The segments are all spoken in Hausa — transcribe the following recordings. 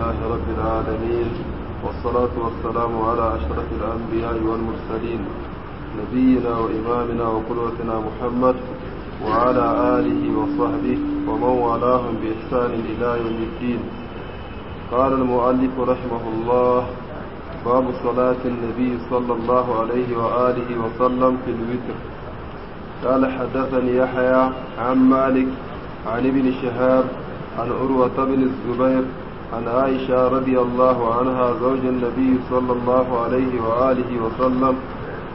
لله رب العالمين والصلاة والسلام على أشرف الأنبياء والمرسلين نبينا وإمامنا وقدوتنا محمد وعلى آله وصحبه ومن والاهم بإحسان إلى يوم الدين قال المؤلف رحمه الله باب صلاة النبي صلى الله عليه وآله وسلم في الوتر قال حدثني يحيى عن مالك عن ابن شهاب عن عروة بن الزبير عن عائشة رضي الله عنها زوج النبي صلى الله عليه وآله وسلم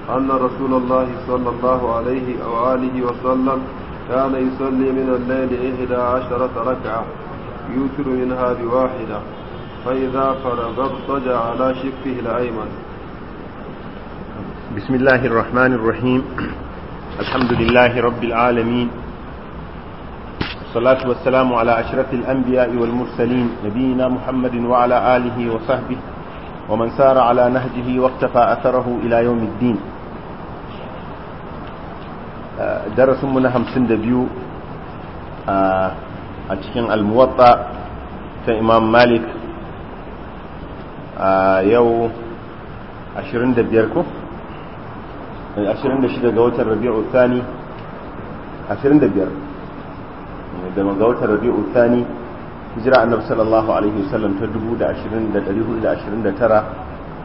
أن رسول الله صلى الله عليه وآله وسلم كان يصلي من الليل إحدى عشرة ركعة يوتر منها بواحدة فإذا فرغ اضطجع على شقه الأيمن بسم الله الرحمن الرحيم الحمد لله رب العالمين والصلاة والسلام على أشرف الأنبياء والمرسلين نبينا محمد وعلى آله وصحبه ومن سار على نهجه واقتفى أثره إلى يوم الدين درس من همسن دبيو أتكين الموطأ إمام مالك يو أشرين دبيركو أشرين دشيدة قوة الربيع الثاني أشرين دبيركو da ga watan rabi'u thani hijira annabi sallallahu alaihi wasallam ta 2429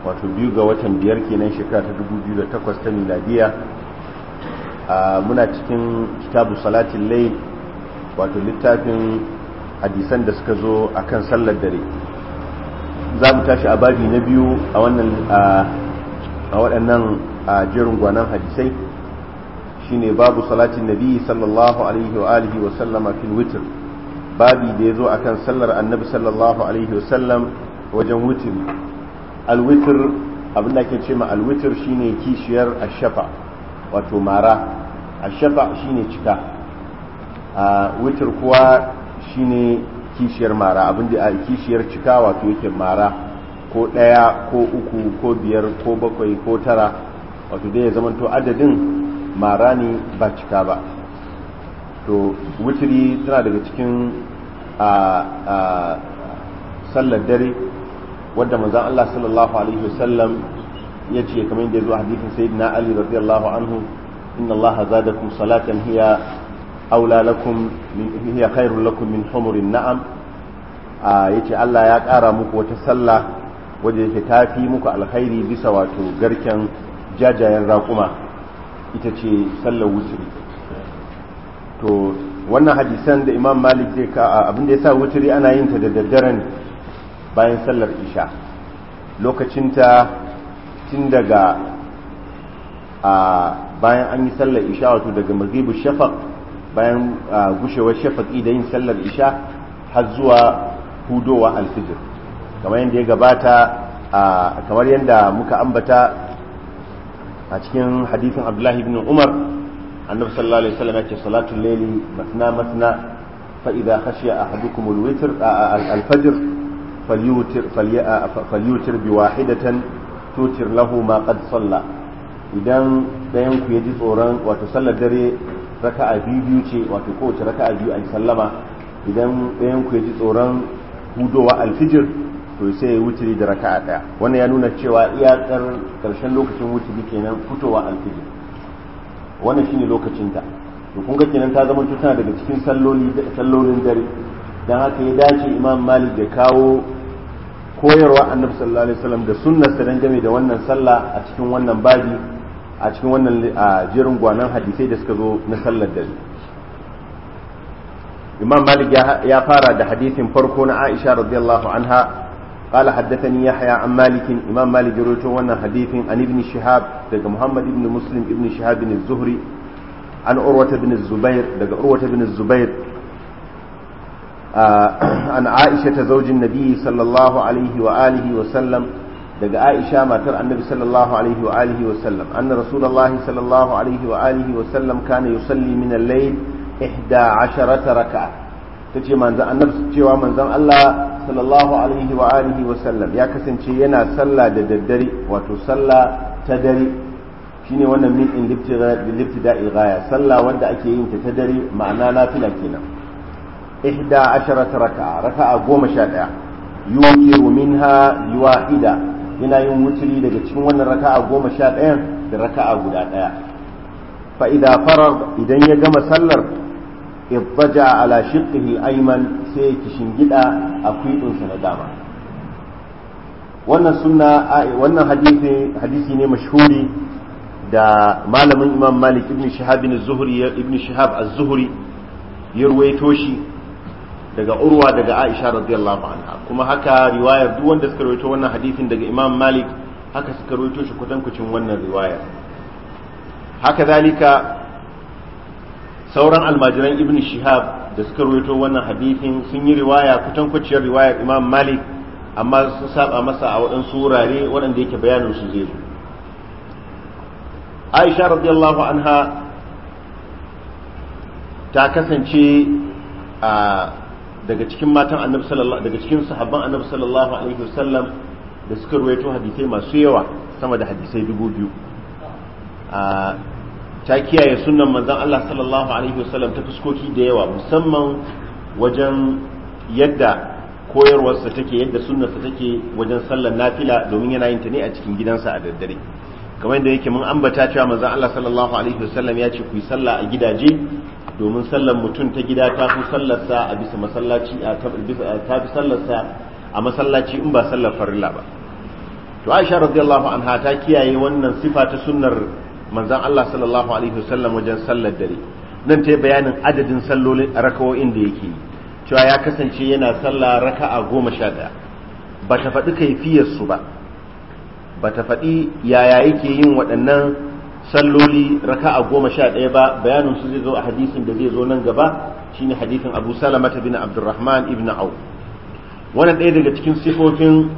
wato biyu ga watan biyar kenan shekara ta 2008 ta miladiya muna cikin kitabu salatin lay wato littafin hadisan da suka zo akan sallar dare za mu tashi a babi na biyu a wannan a waɗannan jerin gwanan hadisai shine babu salatin nabi sallallahu alaihi wa alihi wa sallama fil witr babi da yazo akan sallar annabi sallallahu alaihi wa sallam wajen witri al witr abin da ake ce ma al witr shine kishiyar ashafa wato mara ashafa shine cika a witr kuwa shine kishiyar mara abin da kishiyar cika wato yake mara ko ɗaya ko uku ko biyar ko bakwai ko tara wato dai ya zama to adadin mara ne ba cika ba to witiri tana daga cikin a sallar dare wadda manzan Allah sallallahu alaihi wasallam ya ce kamar yadda ya zo hadithin Ali radiyallahu anhu inna Allah zadakum salatan hiya aula min hiya khairul lakum min humurin na'am yace Allah ya kara muku wata sallah wadda yake tafi muku alkhairi bisa wato garken jajayen raƙuma ita ce sallar wuturi to wannan hadisan da imam malik zai ka abinda ya sa wuturi ana yin ta da daddaren bayan sallar isha lokacinta tun daga a bayan an yi sallar isha wato daga magribu shafaq bayan gushewar shafak da yin sallar isha har zuwa hudowa alfijir kamar yadda ya gabata kamar yadda muka ambata a cikin hadisin abdullahi ibn umar annabi sallallahu alaihi wasallam yake salatu layli matna matna fa idza khashiya ahadukum alwitr alfajr falyutir falyutir bi wahidatan tutir lahu ma qad salla idan dayan ku yaji tsoron wato sallar dare raka'a biyu biyu ce wato kowace raka'a biyu an sallama idan dayan ku yaji tsoron hudowa alfijir to sai ya wuturi da raka'a daya wannan ya nuna cewa iyakar karshen lokacin wuturi kenan fitowa alfijir wannan shine lokacin ta to kun ga kenan ta zama tana daga cikin salloli sallolin dare dan haka ya dace imam malik ya kawo koyarwa annabi sallallahu alaihi wasallam da sunnar sa dangane da wannan sallah a cikin wannan babi a cikin wannan jerin gwanan hadisai da suka zo na sallar dare imam malik ya fara da hadisin farko na aisha radiyallahu anha قال حدثني يحيى عن مالك إمام مالك رويته وانا حديث عن ابن شهاب دق محمد بن مسلم ابن شهاب بن الزهري عن عروة بن الزبير دق عروة بن الزبير عن عائشة زوج النبي صلى الله عليه وآله وسلم دق عائشة ما ترى النبي صلى الله عليه وآله وسلم أن رسول الله صلى الله عليه وآله وسلم كان يصلي من الليل إحدى عشرة ركعة تجي منزل النبي تجي منزل الله sallallahu alaihi wa alihi wa sallam ya kasance yana sallah da daddare wato sallah ta dare shine wannan min in libtida ghaya sallah wanda ake yin ta ta dare ma'ana nafila kenan ihda asharata raka'a raka'a goma sha ɗaya yuqiru minha biwahida yana yin wuturi daga cikin wannan raka'a goma sha ɗaya da raka'a guda ɗaya fa idza idan ya gama sallar iddaja ala shiqqihi ayman sai ya kishingida a kwiɗinsa na dama wannan sunna wannan hadisi hadisi ne mashhuri da malamin imam malik ibn shihab ibn zuhri ibn shihab az-zuhri ya ruwaito shi daga urwa daga aisha radiyallahu anha kuma haka riwayar duk wanda suka rawaito wannan hadisin daga imam malik haka suka rawaito shi kutankucin wannan riwaya haka zalika sauran almajiran ibn shihab da suka rawaito wannan hadithin sun yi riwaya kutankwaciyar riwayar imam malik amma sun saba masa a waɗansu wurare waɗanda yake bayanin su zai zo aisha radiyallahu anha ta kasance a daga cikin matan annabi sallallahu daga cikin sahabban annabi sallallahu alaihi wasallam da suka rawaito hadisai masu yawa sama da hadisai dubu biyu ta kiyaye sunan manzan Allah sallallahu alaihi wasallam ta fuskoki da yawa musamman wajen yadda koyarwarsa take yadda sunnarsa take wajen sallar nafila domin yana yin ta ne a cikin gidansa a daddare kamar yadda yake mun ambata cewa manzan Allah sallallahu alaihi wasallam ya ce ku yi sallah a gidaje domin sallar mutum ta gida ta fi sallarsa a bisa masallaci ta fi sallarsa a masallaci in ba sallar farilla ba to Aisha radiyallahu anha ta kiyaye wannan sifa ta sunnar manzan Allah sallallahu alaihi wasallam wajen sallar dare nan ta yi bayanin adadin sallolin raka'o'in da yake yi cewa ya kasance yana sallah raka'a goma sha ɗaya ba ta faɗi kaifiyarsu ba ba ta faɗi yaya yake yin waɗannan salloli raka'a goma sha ɗaya ba bayanin su zai zo a hadisin da zai zo nan gaba shine hadisin abu salamata bin abdurrahman ibn au wannan ɗaya daga cikin sifofin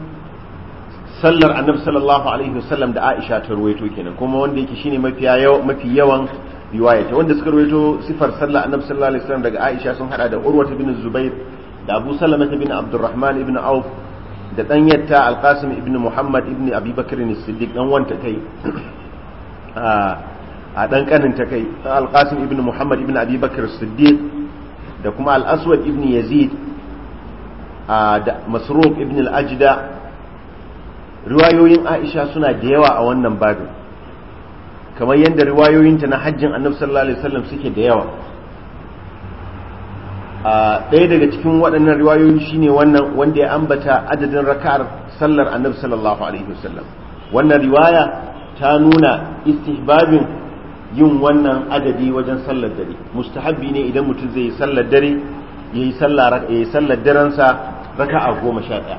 sallar annabi sallallahu alaihi wasallam da Aisha ta ruwaito kenan kuma wanda yake shine mafi mafi yawan riwaya ta wanda suka ruwaito sifar sallar annabi sallallahu alaihi wasallam daga Aisha sun hada da Urwa bin Zubair da Abu Salama bin Abdurrahman ibn Auf da dan yatta Al-Qasim ibn Muhammad ibn Abi Bakr siddiq dan wanta kai a dan kanin ta kai Al-Qasim ibn Muhammad ibn Abi Bakr siddiq da kuma Al-Aswad ibn Yazid da Masruq ibn Al-Ajda riwayoyin aisha suna da yawa a wannan babin kamar yadda riwayoyinta na hajjin annabi sallallahu alaihi wasallam suke da yawa a ɗaya daga cikin waɗannan riwayoyi shine wannan wanda ya ambata adadin raka'ar sallar annabi sallallahu alaihi wasallam wannan riwaya ta nuna istihbabin yin wannan adadi wajen sallar dare mustahabbi ne idan mutum zai yi sallar dare ya yi sallar darensa raka'a goma sha ɗaya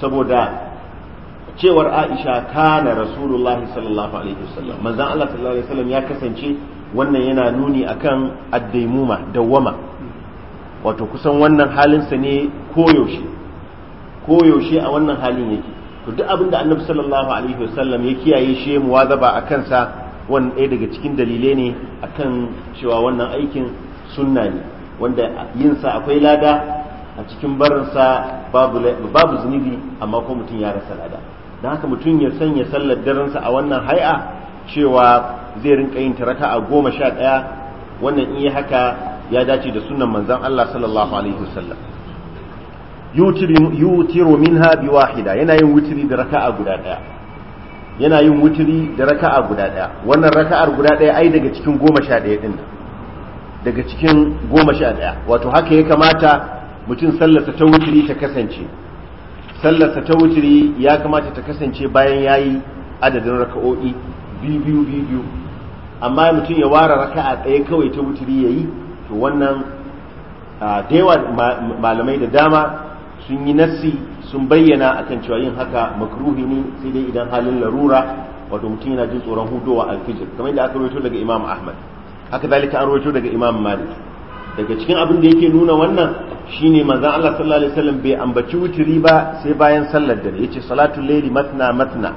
saboda cewar Aisha na Rasulullah sallallahu alaihi wasallam manzon Allah sallallahu alaihi wasallam ya kasance wannan yana nuni akan addaimuma dawwama wato kusan wannan halinsa ne koyaushe koyaushe a wannan halin yake to duk abin da annabi sallallahu alaihi wasallam ya kiyaye shi muwazaba a kansa wannan ɗaya daga cikin dalilai ne akan cewa wannan aikin sunna ne wanda yinsa akwai lada a cikin barinsa babu zunubi amma ko mutum ya rasa lada da haka mutum ya sanya sallar darensa a wannan hai'a cewa zai rinka yin taraka a goma sha ɗaya wannan iya haka ya dace da sunan manzon Allah sallallahu alaihi wasallam yutiru minha bi wahida yana yin wutiri da raka'a guda ɗaya yana yin wutiri da raka'a guda ɗaya wannan raka'ar guda ɗaya ai daga cikin goma sha ɗaya ɗin daga cikin goma sha ɗaya wato haka ya kamata mutum sallarsa ta wutiri ta kasance sallarsa ta wutiri ya kamata ta kasance bayan ya yi adadin raka'o'i biyu biyu biyu amma mutum ya ware raka'a ɗaya kawai ta wuturi ya yi to wannan da yawa malamai da dama sun yi nassi sun bayyana akan cewa yin haka makruhi ne sai dai idan halin larura wato mutum yana jin tsoron hudowa alfijir kamar yadda aka rawaito daga imam ahmad haka zalika an rawaito daga imam malik daga cikin abin da yake nuna wannan shine manzon Allah sallallahu alaihi wasallam bai ambaci wuturi ba sai bayan sallar dare yace salatul layli matna matna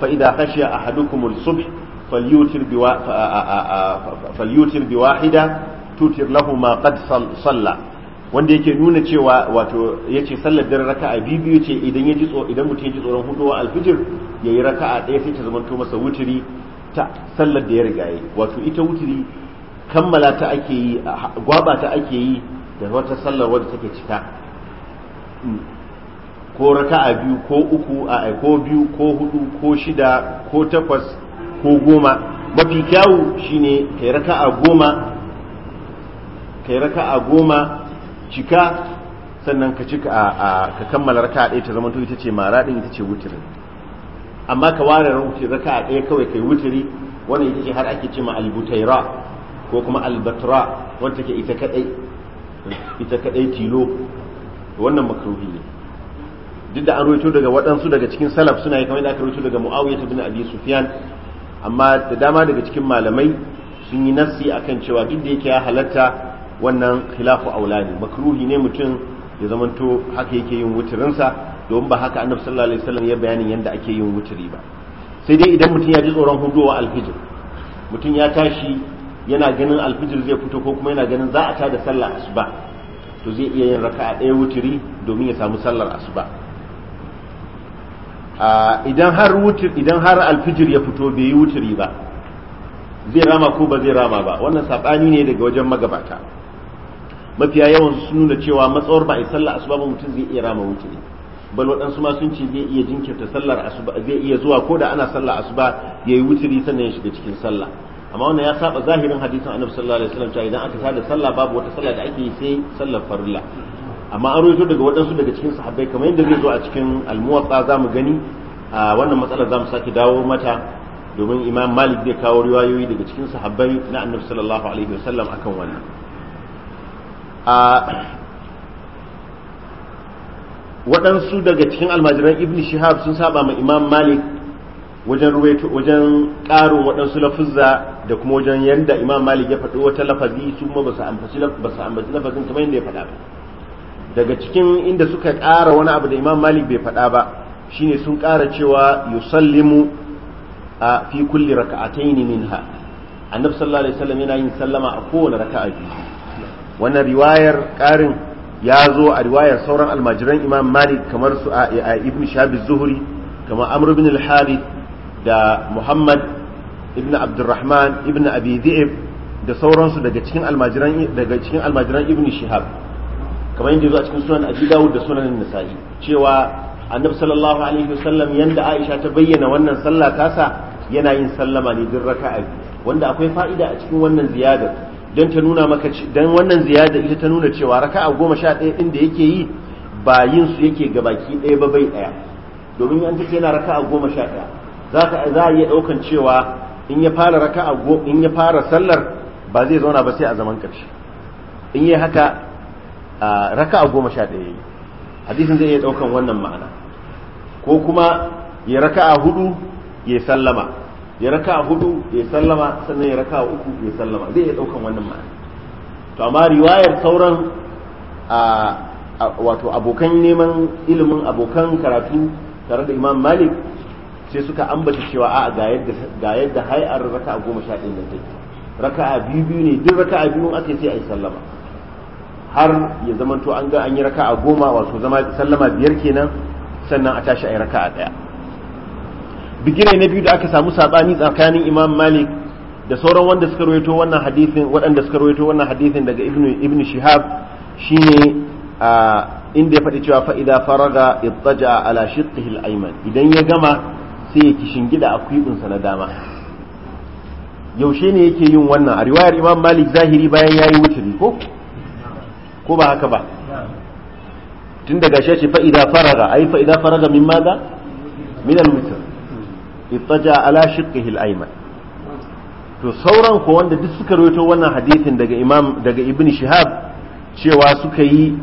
fa idza khashiya a subh falyutir bi falyutir bi wahida tutir lahu ma qad salla wanda yake nuna cewa wato yace sallar dare raka'a biyu biyu ce idan ya ji idan mutum ya ji tsoron hudowa alfijir yayi raka'a ɗaya sai ta zama to masa wuturi ta sallar da ya riga yi wato ita wuturi kammala ta ake yi gwaba ta ake yi da wata sallar wadda take cika ko raka'a biyu ko uku a ko biyu ko hudu ko shida ko takwas ko goma mafi kyawu shine kai raka'a goma kai raka'a goma cika sannan ka cika ka kammala raka'a ɗaya ta zama to ita ce mara ɗin ita ce wutirin amma ka ware raka'a ɗaya kawai kai wutiri wannan ita ce har ake ce ma albutaira ko kuma albatra wanda ke ita kadai ita kadai tilo wannan makruhi ne duk da an ruwaito daga waɗansu daga cikin salaf suna yi kamar da aka ruwaito daga muawiya ibn abi sufyan amma da dama daga cikin malamai sun yi nassi akan cewa duk da yake ya halatta wannan khilafu aulani makruhi ne mutum ya zamanto haka yake yin wuturinsa domin ba haka annabi sallallahu alaihi wasallam ya bayanin yadda ake yin wuturi ba sai dai idan mutum ya ji tsoron hudowa alfijir mutum ya tashi yana ganin alfijir zai fito ko kuma yana ganin za a ta da sallar asuba to zai iya yin raka'a ɗaya wutiri domin ya samu sallar asuba idan har wutir idan har alfijir ya fito bai yi wutiri ba zai rama ko ba zai rama ba wannan sabani ne daga wajen magabata mafiya yawan su nuna cewa matsawar ba a yi sallar asuba ba mutum zai iya rama wutiri bal waɗansu ma sun ce zai iya jinkirta sallar asuba zai iya zuwa ko da ana sallar asuba ya yi wutiri sannan ya shiga cikin sallah amma wannan ya saba zahirin hadisin annabi sallallahu alaihi wasallam cewa idan aka sada sallah babu wata sallah da ake yi sai sallar farilla amma an rawaito daga waɗansu daga cikin sahabbai kamar yadda zai zo a cikin almuwatsa zamu gani a wannan matsalar zamu sake dawo mata domin imam malik zai kawo riwayoyi daga cikin sahabbai na annabi sallallahu alaihi wasallam akan wannan waɗansu daga cikin almajiran ibn shihab sun saba ma imam malik wajen ruwaito wajen ƙarin waɗansu lafuzza da kuma wajen yadda imam malik ya faɗi wata lafazi su kuma ba su ambaci lafazin kamar yadda ya faɗa ba daga cikin inda suka ƙara wani abu da imam malik bai faɗa ba shine sun ƙara cewa yusallimu a fi kulli raka'ataini minha annabi sallallahu alaihi wasallam yana yin sallama a kowane raka'a biyu wannan riwayar ƙarin ya zo a riwayar sauran almajiran imam malik kamar su a ibn shabiz zuhri kamar amr ibn al-harith da muhammad ibn abdurrahman ibn abi dhi'ib da sauransu daga cikin almajiran daga cikin almajiran ibn shihab kamar yadda zuwa cikin sunan abi dawud da sunan nasa'i cewa annabi sallallahu alaihi wasallam yanda aisha ta bayyana wannan sallah tasa yana yin sallama ne duk raka'a wanda akwai fa'ida a cikin wannan ziyadar don ta nuna maka dan wannan ziyada ita ta nuna cewa raka'a goma sha ɗaya inda da yake yi ba yin su yake gabaki ɗaya ba bai ɗaya domin an ce yana raka'a goma sha ɗaya za a iya ɗaukan cewa in ya fara go in ya fara sallar ba zai zauna ba sai a zaman ƙarshe in yi haka a goma sha ɗaya yi hadisin zai iya ɗaukan wannan ma'ana ko kuma ya a hudu ya sallama ya a hudu ya sallama sannan ya a uku ya sallama zai iya ɗaukan wannan ma'ana to amma riwayar sauran wato abokan neman ilimin abokan karatu tare da imam malik sai suka ambata cewa a ga yadda ga yadda hay'ar raka'a goma sha ɗin nan take raka'a biyu biyu ne duk raka'a biyu ake sai ayi sallama har ya zamanto an ga an yi raka'a goma wato zama sallama biyar kenan sannan a tashi ayi raka'a ɗaya bigire na biyu da aka samu sabani tsakanin imam malik da sauran wanda suka rawaito wannan hadisin waɗanda suka rawaito wannan hadisin daga ibnu ibnu shihab shine a inda ya faɗi cewa fa'ida idza faraga ittaja ala shiqqihi al idan ya gama sai ya kishingida a kwibinsa na dama yaushe ne yake yin wannan a riwayar imam malik zahiri bayan ya yi wuturi ko ko ba haka ba tun daga shi fa'ida faraga a yi fa'ida faraga min maza min alwutur ittaja ala shirka al to sauran ko wanda duk suka rawaito wannan hadithin daga imam daga ibn shihab cewa suka yi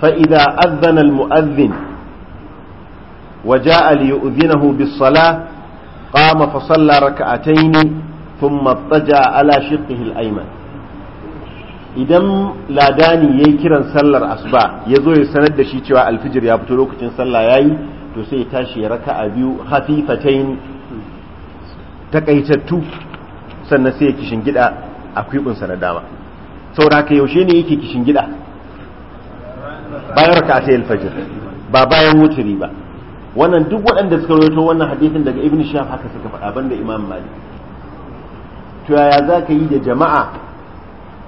fa'ida azana mu'azzin وجاء ليؤذنه بالصلاة قام فصلى ركعتين ثم اضطجع على شقه الأيمن idan ladani ya yi kiran sallar asuba ya zo ya sanar da shi cewa alfijir ya fito lokacin sallah ya yi to sai ya tashi ya raka a biyu hafifatain takaitattu sannan sai ya kishin gida a kwikunsa na dama saura haka yaushe ne yake kishin gida bayan raka ta alfajir ba bayan wuturi ba wannan duk waɗanda suka rawaito wannan hadisin daga ibn shaf haka suka faɗa banda imam malik to yaya za ka yi da jama'a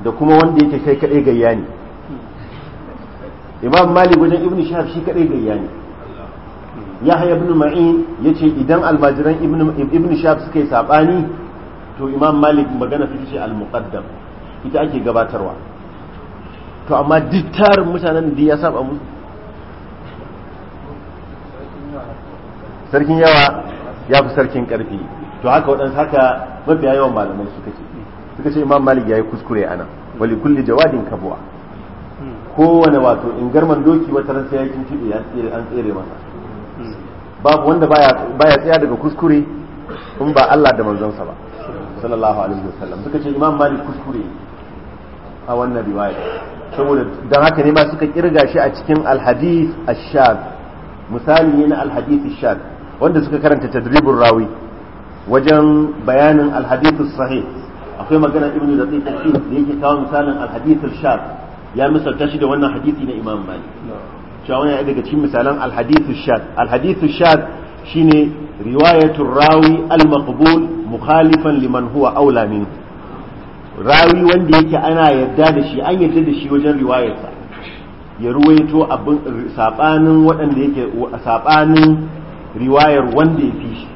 da kuma wanda yake kai kaɗai gayya ne imam malik wajen ibn shaf shi kaɗai gayya ne yahya ibn ma'in yace idan almajiran ibn shaf suka yi sabani to imam malik magana su ce al-muqaddam ita ake gabatarwa to amma duk tarin mutanen da ya saba musu sarkin yawa ya fi sarkin karfi to haka waɗansu haka mafiya yawan malamai suka ce suka ce imam malik ya yi kuskure ana wali kulli jawadin kabuwa kowane wato in garman doki wata ran sai ya kintibe ya tsere an tsere masa babu wanda baya tsaya daga kuskure in ba Allah da manzonsa ba sallallahu alaihi wasallam suka ce imam malik kuskure a wannan riwaya saboda don haka ne ma suka kirga shi a cikin alhadis ashad misali ne na alhadis ashad. wanda suka karanta tadribur rawi wajen bayanin alhadith sahih akwai magana ibnu da tsaye da yake kawo misalin alhadith shaf ya misalta shi da wannan hadisi na imam malik cewa wannan daga cikin misalan alhadith shaf alhadith shaf shine riwayatul rawi al-maqbul mukhalifan liman huwa aula minhu rawi wanda yake ana yadda da shi an yadda da shi wajen riwayarsa ya ruwaito abin sabanin waɗanda yake sabanin riwayar wanda ya fi shi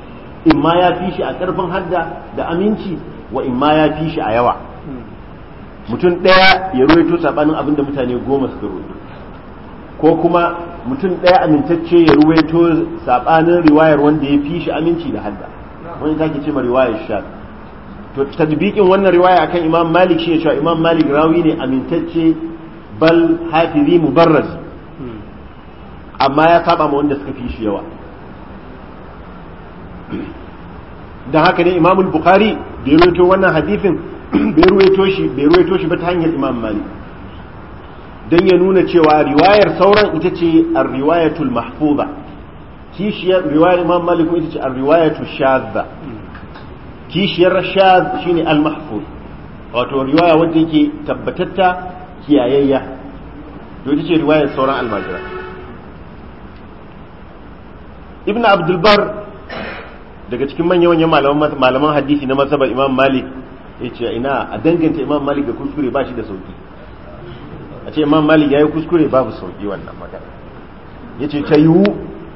in ma ya fi shi a ƙarfin hadda da aminci wa in ma ya fi shi a yawa mutum ɗaya ya ruwaito saɓanin abin da mutane goma suka ruwaito ko kuma mutum ɗaya amintacce ya ruwaito saɓanin riwayar wanda ya fi shi aminci da hadda wani take ce ma riwayar sha to tadbiqin wannan riwaya akan imam malik shi ya cewa imam malik rawi ne amintacce bal hafizi mubarraz hmm. amma ya saba ma wanda suka fi shi yawa dan haka ne imamul bukhari bai ruwaito wannan hadifin bai ruwaito shi bai ruwaito shi ba ta hanyar imam malik dan ya nuna cewa riwayar sauran ita ce ar-riwayatul mahfuza kishiyar riwayar imam malik ita ce ar-riwayatul shadda kishiyar shaz shine al-mahfuz wato riwaya wadda yake tabbatatta kiyayayya to ita ce riwayar sauran almajira ibn abdul bar daga cikin manya-manyan malaman hadisi na masabar imam malik ya ce ina a danganta imam malik ga kuskure ba shi da sauki a ce imam malik ya yi kuskure babu sauki wannan magana ya ce ta yiwu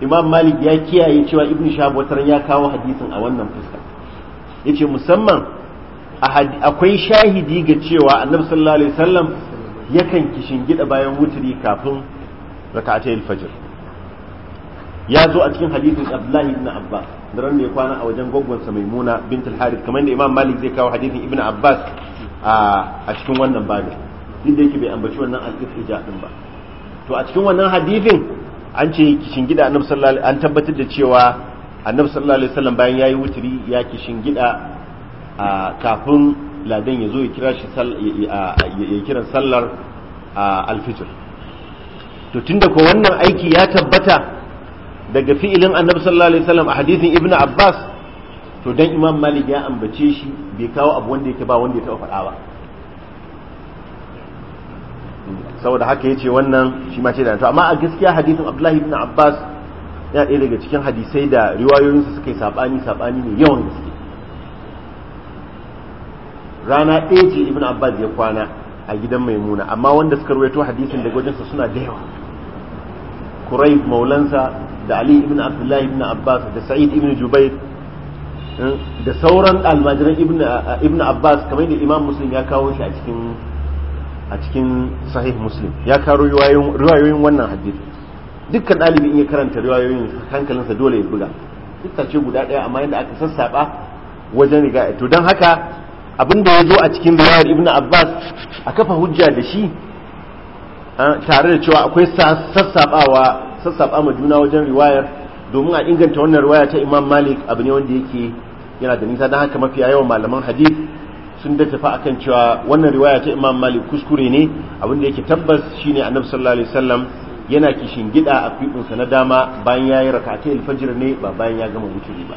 imam malik ya kiyaye cewa ibn shabuwatar ya kawo hadisin a wannan fuska ya ce musamman akwai shahidi ga cewa annabi sallallahu alaihi wasallam yakan kishin gida bayan wuturi kafin raka'atayil fajr ya zo a cikin hadisin abdullahi ibn abbas da ran da ya kwana a wajen gwaggwansa maimuna bint al-harith kamar da imam malik zai kawo hadisin Ibn abbas a cikin wannan babu duk da yake bai ambaci wannan al-ihtija din ba to a cikin wannan hadisin an ce kishin gida annabi sallallahu alaihi an tabbatar da cewa annabi sallallahu alaihi wasallam bayan yayi wuturi ya kishin gida kafin ladan ya zo ya kira shi ya kira sallar al-fitr to tunda ko wannan aiki ya tabbata daga fi'ilin annabi sallallahu alaihi wasallam a hadisin ibn abbas to dan imam malik ya ambace shi bai kawo abu wanda yake ba wanda ya taɓa faɗa ba saboda haka ya ce wannan shi ma ce da to amma a gaskiya hadisin abdullahi ibn abbas ya ɗaya daga cikin hadisai da su suka yi sabani sabani ne yawan gaske rana ɗaya ce ibn abbas ya kwana a gidan maimuna amma wanda suka ruwaito hadisin daga wajensa suna da yawa kurai maulansa da ali ibn abdullahi ibn abbas da sa'id ibn jubair eh, da sauran almajiran ibn eh, abbas kamar da imam muslim ya kawo shi a cikin a cikin sahih muslim ya karo riwayoyin wannan hadith dukkan ɗalibi in ya karanta riwayoyin hankalinsa dole ya buga dukkan ce guda ɗaya amma yadda aka sassaba wajen riga to don haka abin da ya zo a cikin riwayar ibn abbas a kafa hujja da shi eh, tare da cewa akwai sassabawa sassaba ma juna wajen riwayar domin a inganta wannan riwaya ta imam malik abu ne wanda yake yana da nisa don haka mafiya yawan malaman hadith sun da tafi akan cewa wannan riwaya ta imam malik kuskure ne abin da yake tabbas shine annabi sallallahu alaihi wasallam yana kishin gida a fiɗinsa na dama bayan ya yi rakatai alfajir ne ba bayan ya gama wuturi ba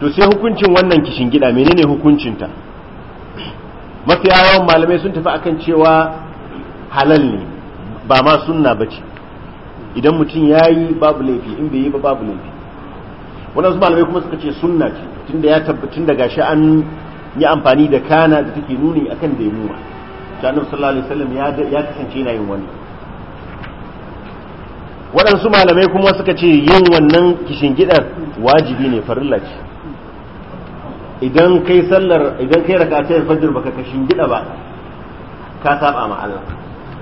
to sai hukuncin wannan kishin gida menene hukuncinta mafiya yawan malamai sun tafi akan cewa halal ne ba ma sunna ba ce idan mutum ya yi babu laifi in bai yi ba babu laifi waɗansu malamai kuma suka ce sunna ce da ya tabbatun daga shi an yi amfani da kana da take nuni akan kan daimuwa janar sallallahu alaihi wasallam ya kasance yana yin wani waɗansu malamai kuma suka ce yin wannan kishin gidar wajibi ne farilla ce idan kai sallar idan kai raka ta fajr baka kashin gida ba ka saba ma Allah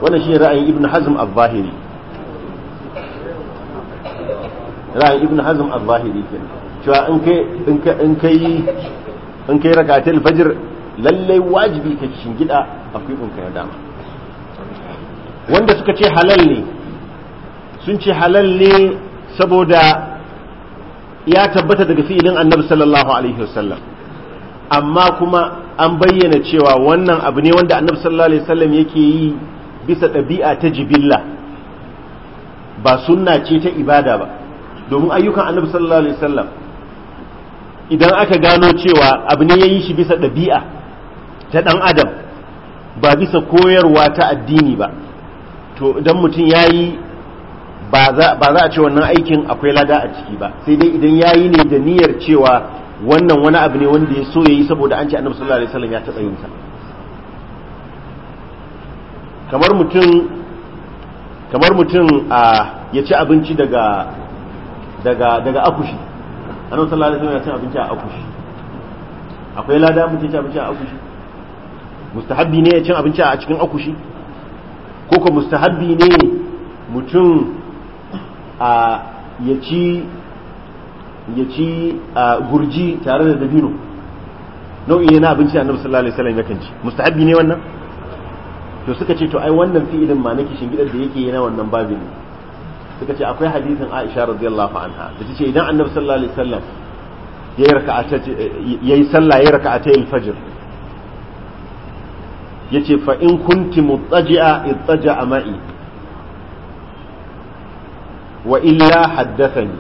wannan shi ra'ayin ibn hazm al-zahiri ra'ayin ibn hazm al-zahiri ke cewa in kai in kai in kai in kai rakatul fajr lalle wajibi ka shingida akwai kun ka dama wanda suka ce halal ne sun ce halal ne saboda ya tabbata daga fi'ilin annabi sallallahu alaihi wasallam amma kuma an bayyana cewa wannan abu ne wanda annabi sallallahu alaihi wasallam yake yi bisa ɗabi'a ta jibilla ba sunna ce ta ibada ba domin ayyukan annabi sallallahu alaihi wasallam idan aka gano cewa abu ne ya yi shi bisa ɗabi'a ta ɗan adam ba bisa koyarwa ta addini ba to idan mutum ya yi ba za a ce wannan aikin akwai lada a ciki ba sai dai idan ya yi ne da niyyar cewa wannan wani abu ne wanda ya so ya yi saboda an ce annabi sallallahu alaihi wasallam ya taɓa yin sa kamar mutum kamar mutum ya ci abinci daga daga daga akushi anan sallallahu alaihi wasallam ya ci abinci a akushi akwai lada mutum ya ci abinci a akushi mustahabbi ne ya ci abinci a cikin akushi ko ko mustahabbi ne mutum a ya ci ya ci gurji tare da dabino nau'i ne na abinci annabi sallallahu alaihi wasallam ya ci mustahabbi ne wannan to suka ce to ai wannan fi'ilin ma na kishin gidan da yake yana wannan babin ne suka ce akwai hadisin Aisha radiyallahu anha da ta ce idan Annabi sallallahu alaihi wasallam yayi raka'a yayi sallah yayi raka'a ta al-fajr yace fa in kunti muttaji'a ittaja'a ma'i wa illa haddathani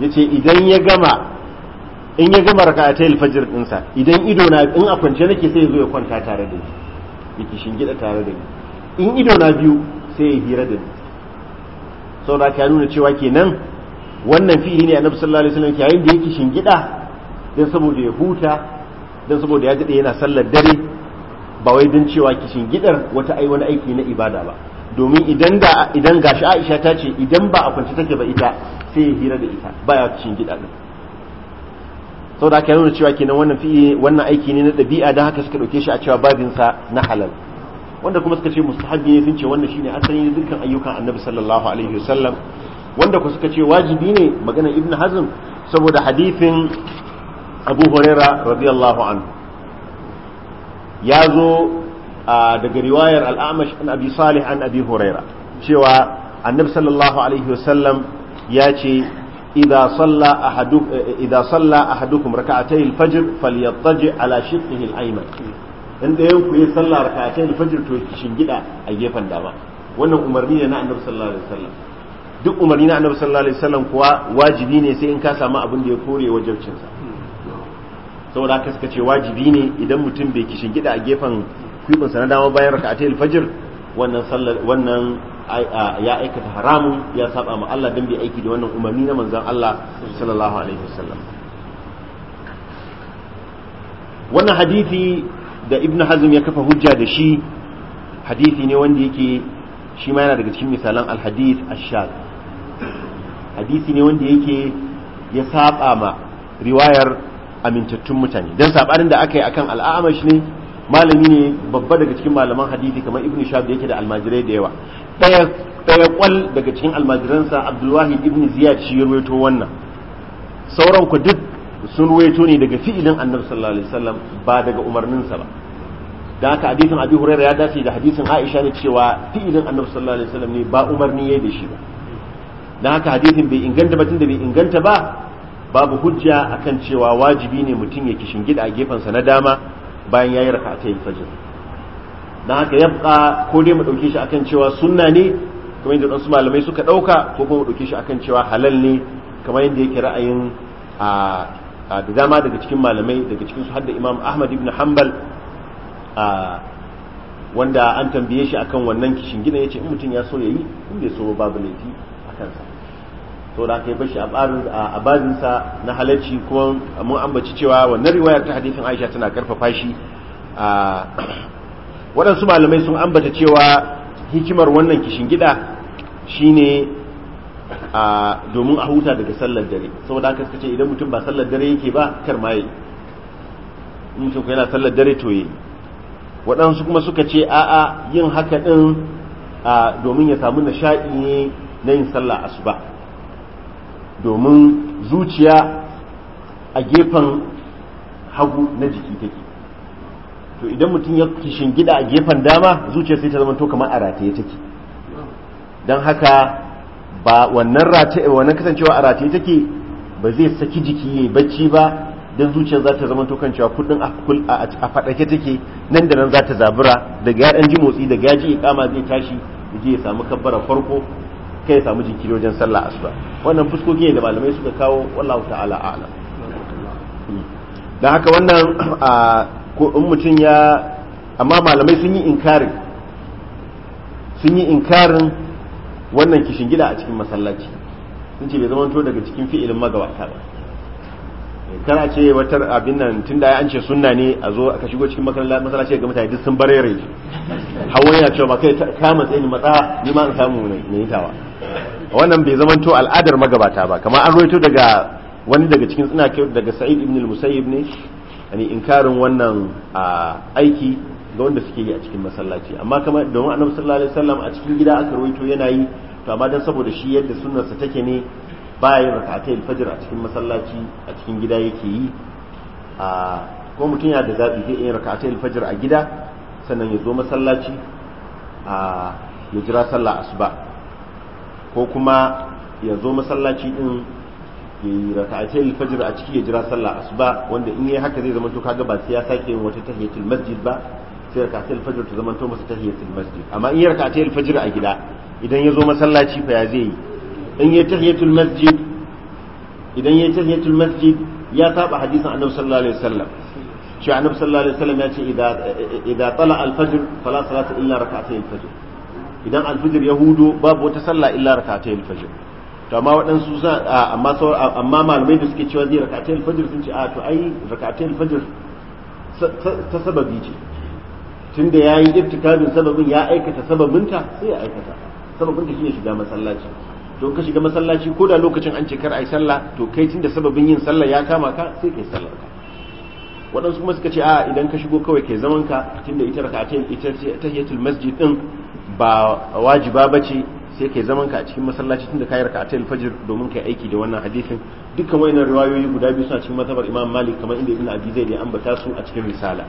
yace idan ya gama in ya gama raka'a ta al-fajr dinsa idan ido na in a kwance nake sai ya zo ya kwanta tare da ni yake shingida tare da ni in ido na biyu sai ya hira da ni da ka nuna cewa kenan wannan fi'ili ne annabi sallallahu alaihi wasallam yayin da yake shingida dan saboda ya huta dan saboda ya dade yana sallar dare ba wai dan cewa kishin shingidar wata ai wani aiki na ibada ba domin idan da idan gashi Aisha ta ce idan ba a kwance take ba ita sai ya hira da ita baya kishin gida din sau da aka nuna cewa kenan wannan fi'i wannan aiki ne na ɗabi'a don haka suka ɗauke shi a cewa babinsa na halal wanda kuma suka ce mustahabbi ne sun ce wannan shine asali ne dukkan ayyukan annabi sallallahu alaihi wasallam wanda ku suka ce wajibi ne magana ibn hazm saboda hadifin abu huraira radiyallahu anhu ya zo daga riwayar al'amash an abi salih an abi huraira cewa annabi sallallahu alaihi wasallam ya ce إذا صلى أحدكم إذا صلى أحدكم ركعتي الفجر فليضطجع على شقه الأيمن in da yanku ya sallah rakatai da fajr to ki shingida a gefen dama wannan umarni ne na annabi sallallahu alaihi wasallam duk umarni na annabi sallallahu alaihi wasallam kuwa wajibi ne sai in ka samu abin da ya kore wajibcin sa saboda haka suka ce wajibi ne idan mutum bai ki shingida a gefen kwibin sa na dama bayan rakatai fajr wannan sallar wannan ya aikata haramun ya saba ma Allah dan bai aiki da wannan umarni na manzon Allah sallallahu alaihi wasallam wannan hadisi da ibnu hazm ya kafa hujja da shi hadisi ne wanda yake shi ma yana daga cikin misalan alhadith ashad hadisi ne wanda yake ya saba ma riwayar amintattun mutane don sabanin da aka yi akan al'amash ne malami ne babba daga cikin malaman hadisi kamar ibn shab da yake da almajirai da yawa daya kwal daga cikin almajiransa abdulwahid ibn ziyad shi ruwaito wannan sauran ku duk sun ruwaito ne daga fi'ilin annabi sallallahu alaihi wasallam ba daga umarninsa ba da haka hadisin abi hurairah ya dace da hadisin aisha ne cewa fi'ilin annabi sallallahu alaihi wasallam ne ba umarni yayi da shi ba dan haka hadisin bai inganta ba tunda bai inganta ba babu hujja akan cewa wajibi ne mutum ya kishin gida a sa na dama bayan yayi raka'atayn fajr dan haka yabqa ko dai mu dauke shi akan cewa sunna ne kamar yadda wasu malamai suka dauka ko kuma mu dauke shi akan cewa halal ne kamar yadda yake ra'ayin a da dama daga cikin malamai daga cikin su hadda Imam Ahmad ibn Hanbal a wanda an tambaye shi akan wannan kishin gina yace in mutum ya so yayi in bai so babu laifi akan sa saboda aka yi bashi a babinsa na halarci kuma mun ambaci cewa wannan riwayar ta hadisin aisha tana karfafa shi waɗansu malamai sun ambata cewa hikimar wannan kishin gida shine a domin a huta daga sallar dare saboda aka ce idan mutum ba sallar dare yake ba kar ma yi mutum ko yana sallar dare to yi waɗansu kuma suka ce a'a yin haka din domin ya samu nishaɗi ne na yin sallah asuba domin zuciya a gefen hagu na jiki take to idan mutum ya gida a gefen dama zuciya sai ta zama to kamar a rataye take don haka ba wannan rataye wannan kasancewa a rataye take ba zai saki jiki yayi bacci ba don zuciya za ta zama to kan cewa kudin a fadake take nan da nan za ta zabura daga ya ji motsi daga ya ji ikama zai tashi je ya samu kabbara farko kai ya samu jinkiri wajen sallah asuba wannan fuskoki ne da malamai suka kawo wallahu ta'ala ala dan haka wannan ko in mutum ya amma malamai sun yi inkarin sun yi inkarin wannan kishin gida a cikin masallaci sun ce bai zama to daga cikin fi'ilin magabata ba kana ce wata abin nan tun da an ce sunna ne a zo aka shigo cikin masallaci ga mutane duk sun rai hawan yana cewa ma kai kama tsaye ni matsa ni ma in samu ne ne tawa wannan bai zamanto al'adar magabata ba kamar an roito daga wani daga cikin suna kai daga sa'id ibn al-musayyib ne ani inkarin wannan aiki ga wanda suke yi a cikin masallaci amma kamar domin annabi sallallahu alaihi wasallam a cikin gida aka roito yana yi to amma dan saboda shi yadda sunnarsa take ne baya yin rak'atai al-fajr a cikin masallaci a cikin gida yake yi a ko mutum yana da zabi zai yin rak'atai al-fajr a gida sannan ya zo masallaci a ya jira sallah asuba ko kuma ya zo masallaci din ya yi raka'atai alfajr a ciki ya jira sallah asuba wanda in yayi haka zai zama to kaga ba sai ya sake yin wata tahiyatul masjid ba sai raka'atai alfajr ta zama to masa tahiyatul masjid amma in yayi raka'atai alfajr a gida idan ya zo masallaci fa ya zai yi in yayi tahiyatul masjid idan yayi tahiyatul masjid ya saba hadisin annabi sallallahu alaihi wasallam shi annabi sallallahu alaihi wasallam ya ce idza idza tala alfajr fala salata illa raka'atai alfajr idan alfijir ya hudo babu wata sallah illa rakatai alfajr to amma waɗansu amma amma malamai da suke cewa zai rakatai alfajr sun ce a to ai rakatai alfajr ta sababi ce tunda yayi ibtikabin sababin ya aikata sababin ta sai ya aikata sababin sababinta shine shiga masallaci to ka shiga masallaci ko da lokacin an ce kar ai sallah to kai tunda sababin yin sallah ya kama ka sai kai sallar ka waɗansu kuma suka ce a idan ka shigo kawai kai zaman ka tunda ita raka ta ita tahiyatul masjid din ba wajiba bace sai kai zaman ka a cikin masallaci tunda kai raka ta fajr domin kai aiki da wannan hadisin dukkan wayannan riwayoyi guda biyu suna cikin mazhabar Imam Malik kamar inda Ibn Abi Zaid ya ambata su a cikin risala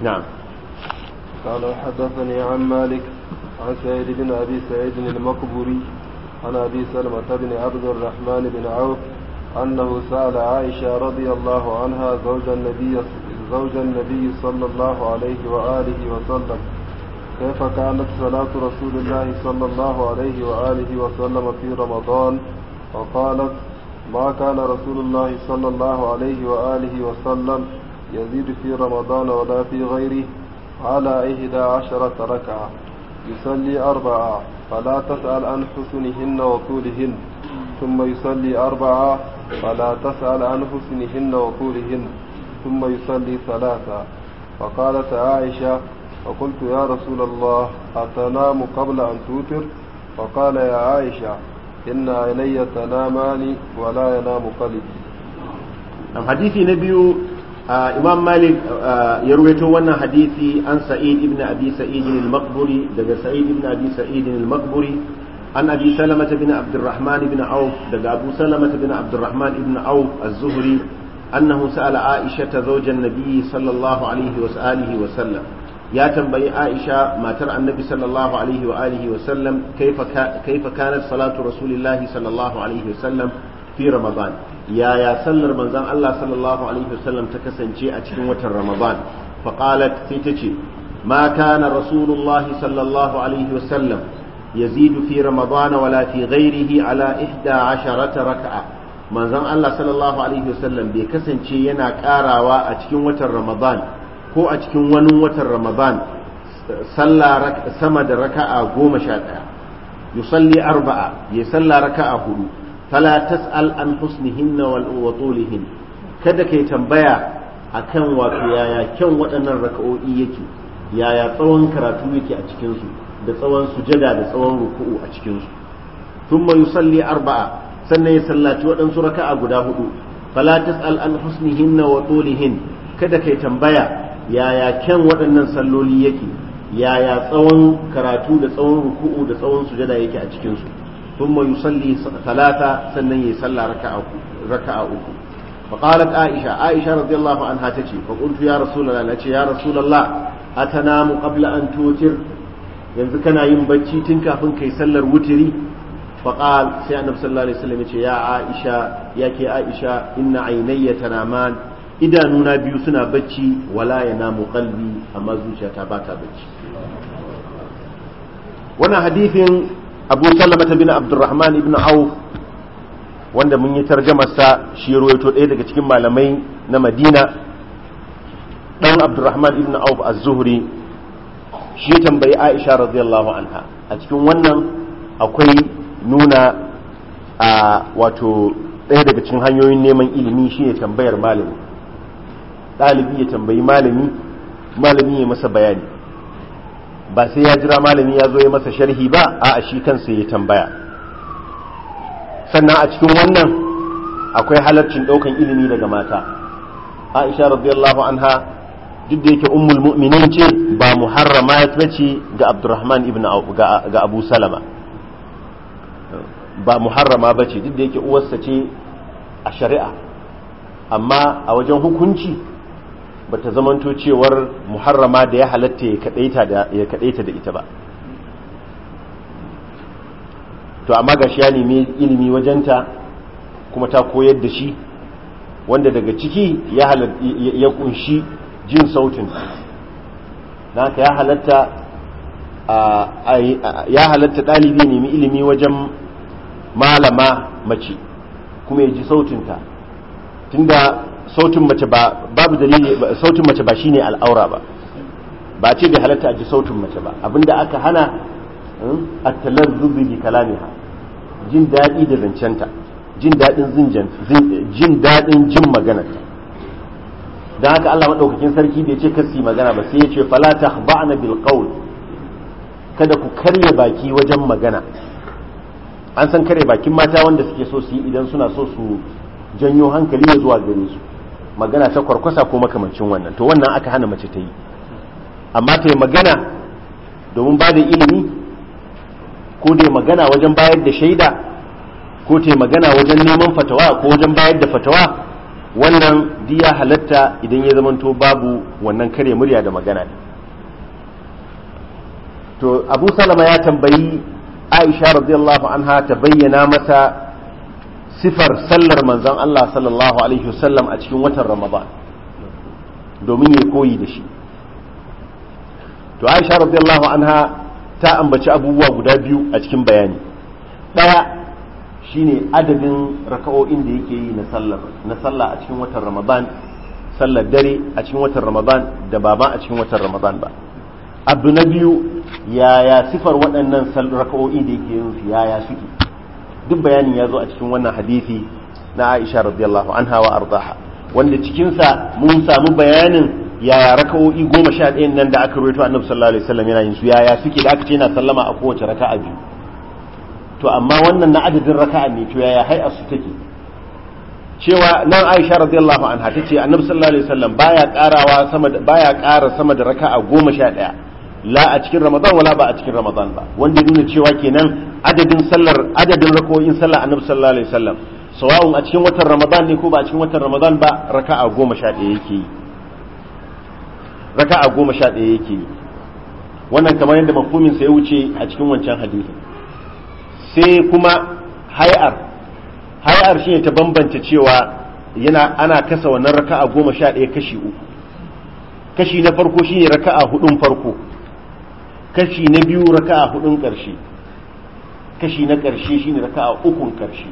na'am قال حدثني عن مالك عن سعيد بن أبي سعيد المقبوري عن أبي سلمة بن عبد الرحمن بن عوف رضي الله عنها زوج النبي زوج النبي صلى الله عليه وآله وسلم كيف كانت صلاة رسول الله صلى الله عليه وآله وسلم في رمضان وقالت ما كان رسول الله صلى الله عليه وآله وسلم يزيد في رمضان ولا في غيره على إحدى عشرة ركعة يصلي أربعة فلا تسأل عن حسنهن وطولهن ثم يصلي أربعة فلا تسأل عن حسنهن وطولهن ثم يصلي ثلاثة فقالت عائشة فقلت يا رسول الله أتنام قبل أن توتر فقال يا عائشة إن عيني تنامان ولا ينام قلبي حديثي نبي إمام مالك يرويته وانا حديثي عن سعيد بن أبي سعيد المقبري دقى سعيد بن أبي سعيد المقبري عن أبي سلمة بن عبد الرحمن بن عوف دقى أبو سلمة بن عبد الرحمن بن عوف الزهري musa ala Aisha ta zaujan Nabi sallallahu alaihi wa sallam ya tambayi Aisha matar Annabi sallallahu alaihi wa sallam kaifa kanat salatu Rasulillahi sallallahu alaihi wa sallam fi Ramadan yaya sallar manzon Allah sallallahu alaihi wa sallam ta kasance a cikin watan Ramadan faqalat sai ta ce ma kana Rasulullahi sallallahu alaihi wa sallam يزيد في رمضان ولا في غيره على إحدى عشرة ركعة manzon Allah sallallahu alaihi wasallam bai kasance yana karawa a cikin watan Ramadan ko a cikin wani watan Ramadan sama da raka'a goma sha ɗaya yusalli arba'a ya salla raka'a hudu fala tas'al an husnihin wal kada kai tambaya akan wato yaya kyan waɗannan raka'o'i yake yaya tsawon karatu yake a cikinsu da tsawon sujada da tsawon ruku'u a cikinsu thumma yusalli arba'a sannan ya sallaci waɗansu raka'a guda hudu fala tas'al an husnihinna wa tulihin kada kai tambaya yaya kyan waɗannan salloli yake yaya tsawon karatu da tsawon ruku'u da tsawon sujada yake a cikin su thumma yusalli salata sannan ya salla raka'a raka'a uku فقالت عائشة عائشة رضي الله عنها تجي فقلت يا رسول الله نتي يا رسول الله أتنام قبل أن توتر yanzu kana yin bacci tun kafin kai sallar wutiri فقال سي النبي صلى الله عليه وسلم يا عائشة يا كي عائشة إن عيني تنامان إذا نونا بيوسنا بتشي ولا ينام قلبي أما زوجة تاباتا بتشي وانا حديث أبو سلمة بن عبد الرحمن بن عوف wanda mun yi tarjamarsa shi ruwaito ɗaya daga cikin malamai na madina ɗan abdurrahman ibn auf az-zuhri shi tambayi aisha radiyallahu anha a cikin wannan akwai nuna a wato ɗaya daga cikin hanyoyin neman ilimi shi ya tambayar malami ɗalibi ya tambayi malami malami ya masa bayani ba sai ya jira malami ya zo ya masa sharhi ba a shi kansa ya tambaya sannan a cikin wannan akwai halarcin ɗaukan ilimi daga mata aisha radiyallahu anha duk da yake umul mu'minin ce ba muharrama ya ce ga abdurrahman ibn abu salama ba muharrama ba ce duk da yake uwarsa ce a shari'a amma a wajen hukunci ba ta zamanto cewar muharrama da ya halatta ya kadaita da ita ba to amma ga shi ya nemi ilimi wajenta kuma ta koyar da shi wanda daga ciki ya kunshi jin sautin na ya halatta ɗalibi nemi ilimi wajen malama mace kuma ya ji sautinta tunda sautin mace ba babu dalili sautin mace ba shine al'aura ba ba ce bai halatta a ji sautin mace ba abinda aka hana hmm, at-talazzuz bi kalamiha jin daɗi da zancenta jin daɗin zinjan jin magana jin don haka Allah maɗaukakin sarki bai ce kasi magana ba sai ya ce fala tahba'na bil qawl kada ku karya baki wajen magana an san kare bakin mata wanda suke so su idan suna so su janyo hankali ya zuwa gare su magana ta kwarkwasa ko makamancin wannan to wannan aka hana mace ta yi amma ta yi magana domin ba da ilimi ko da magana wajen bayar da shaida ko ta yi magana wajen neman fatawa ko wajen bayar da fatawa wannan diya halatta idan ya zama to babu wannan kare murya da magana to abu salama ya tambayi aisha radiyallahu anha ta bayyana mata sifar sallar manzon Allah sallallahu alaihi wasallam a cikin watan ramadan domin ya koyi da shi to aisha radiyallahu anha ta ambaci abubuwa guda biyu a cikin bayani daya shine adadin raka'o'in da yake yi na sallar na sallah a cikin watan ramadan sallar dare a cikin watan ramadan da ba a cikin watan ramadan ba abu na biyu yaya sifar waɗannan raka'o'i da yake yin su yaya suke duk bayanin ya zo a cikin wannan hadisi na Aisha radiyallahu anha wa ardaha wanda cikin sa mun samu bayanin yaya raka'o'i 11 nan da aka rubuta Annabi sallallahu alaihi wasallam yana yin su yaya suke da aka ce yana sallama a kowace raka'a biyu to amma wannan na adadin raka'a ne to yaya hay'a su take cewa nan Aisha radiyallahu anha tace Annabi sallallahu alaihi wasallam baya karawa sama da baya ƙara sama da raka'a 11 la a cikin ramadan wala ba a cikin ramadan ba wanda ya nuna cewa kenan adadin sallar adadin rakoyin sallar annabi sallallahu alaihi wasallam sawa'un a cikin watan ramadan ne ko ba a cikin watan ramadan ba raka'a goma sha ɗaya yake yi raka'a goma sha ɗaya yake yi wannan kamar yadda mafhumin sa ya wuce a cikin wancan hadisi sai kuma hay'ar hay'ar shine ta bambanta cewa yana ana kasa wannan raka'a goma sha ɗaya kashi uku kashi na farko shine raka'a hudun farko kashi na biyu raka a hudun karshe kashi na karshe shine a ukun karshe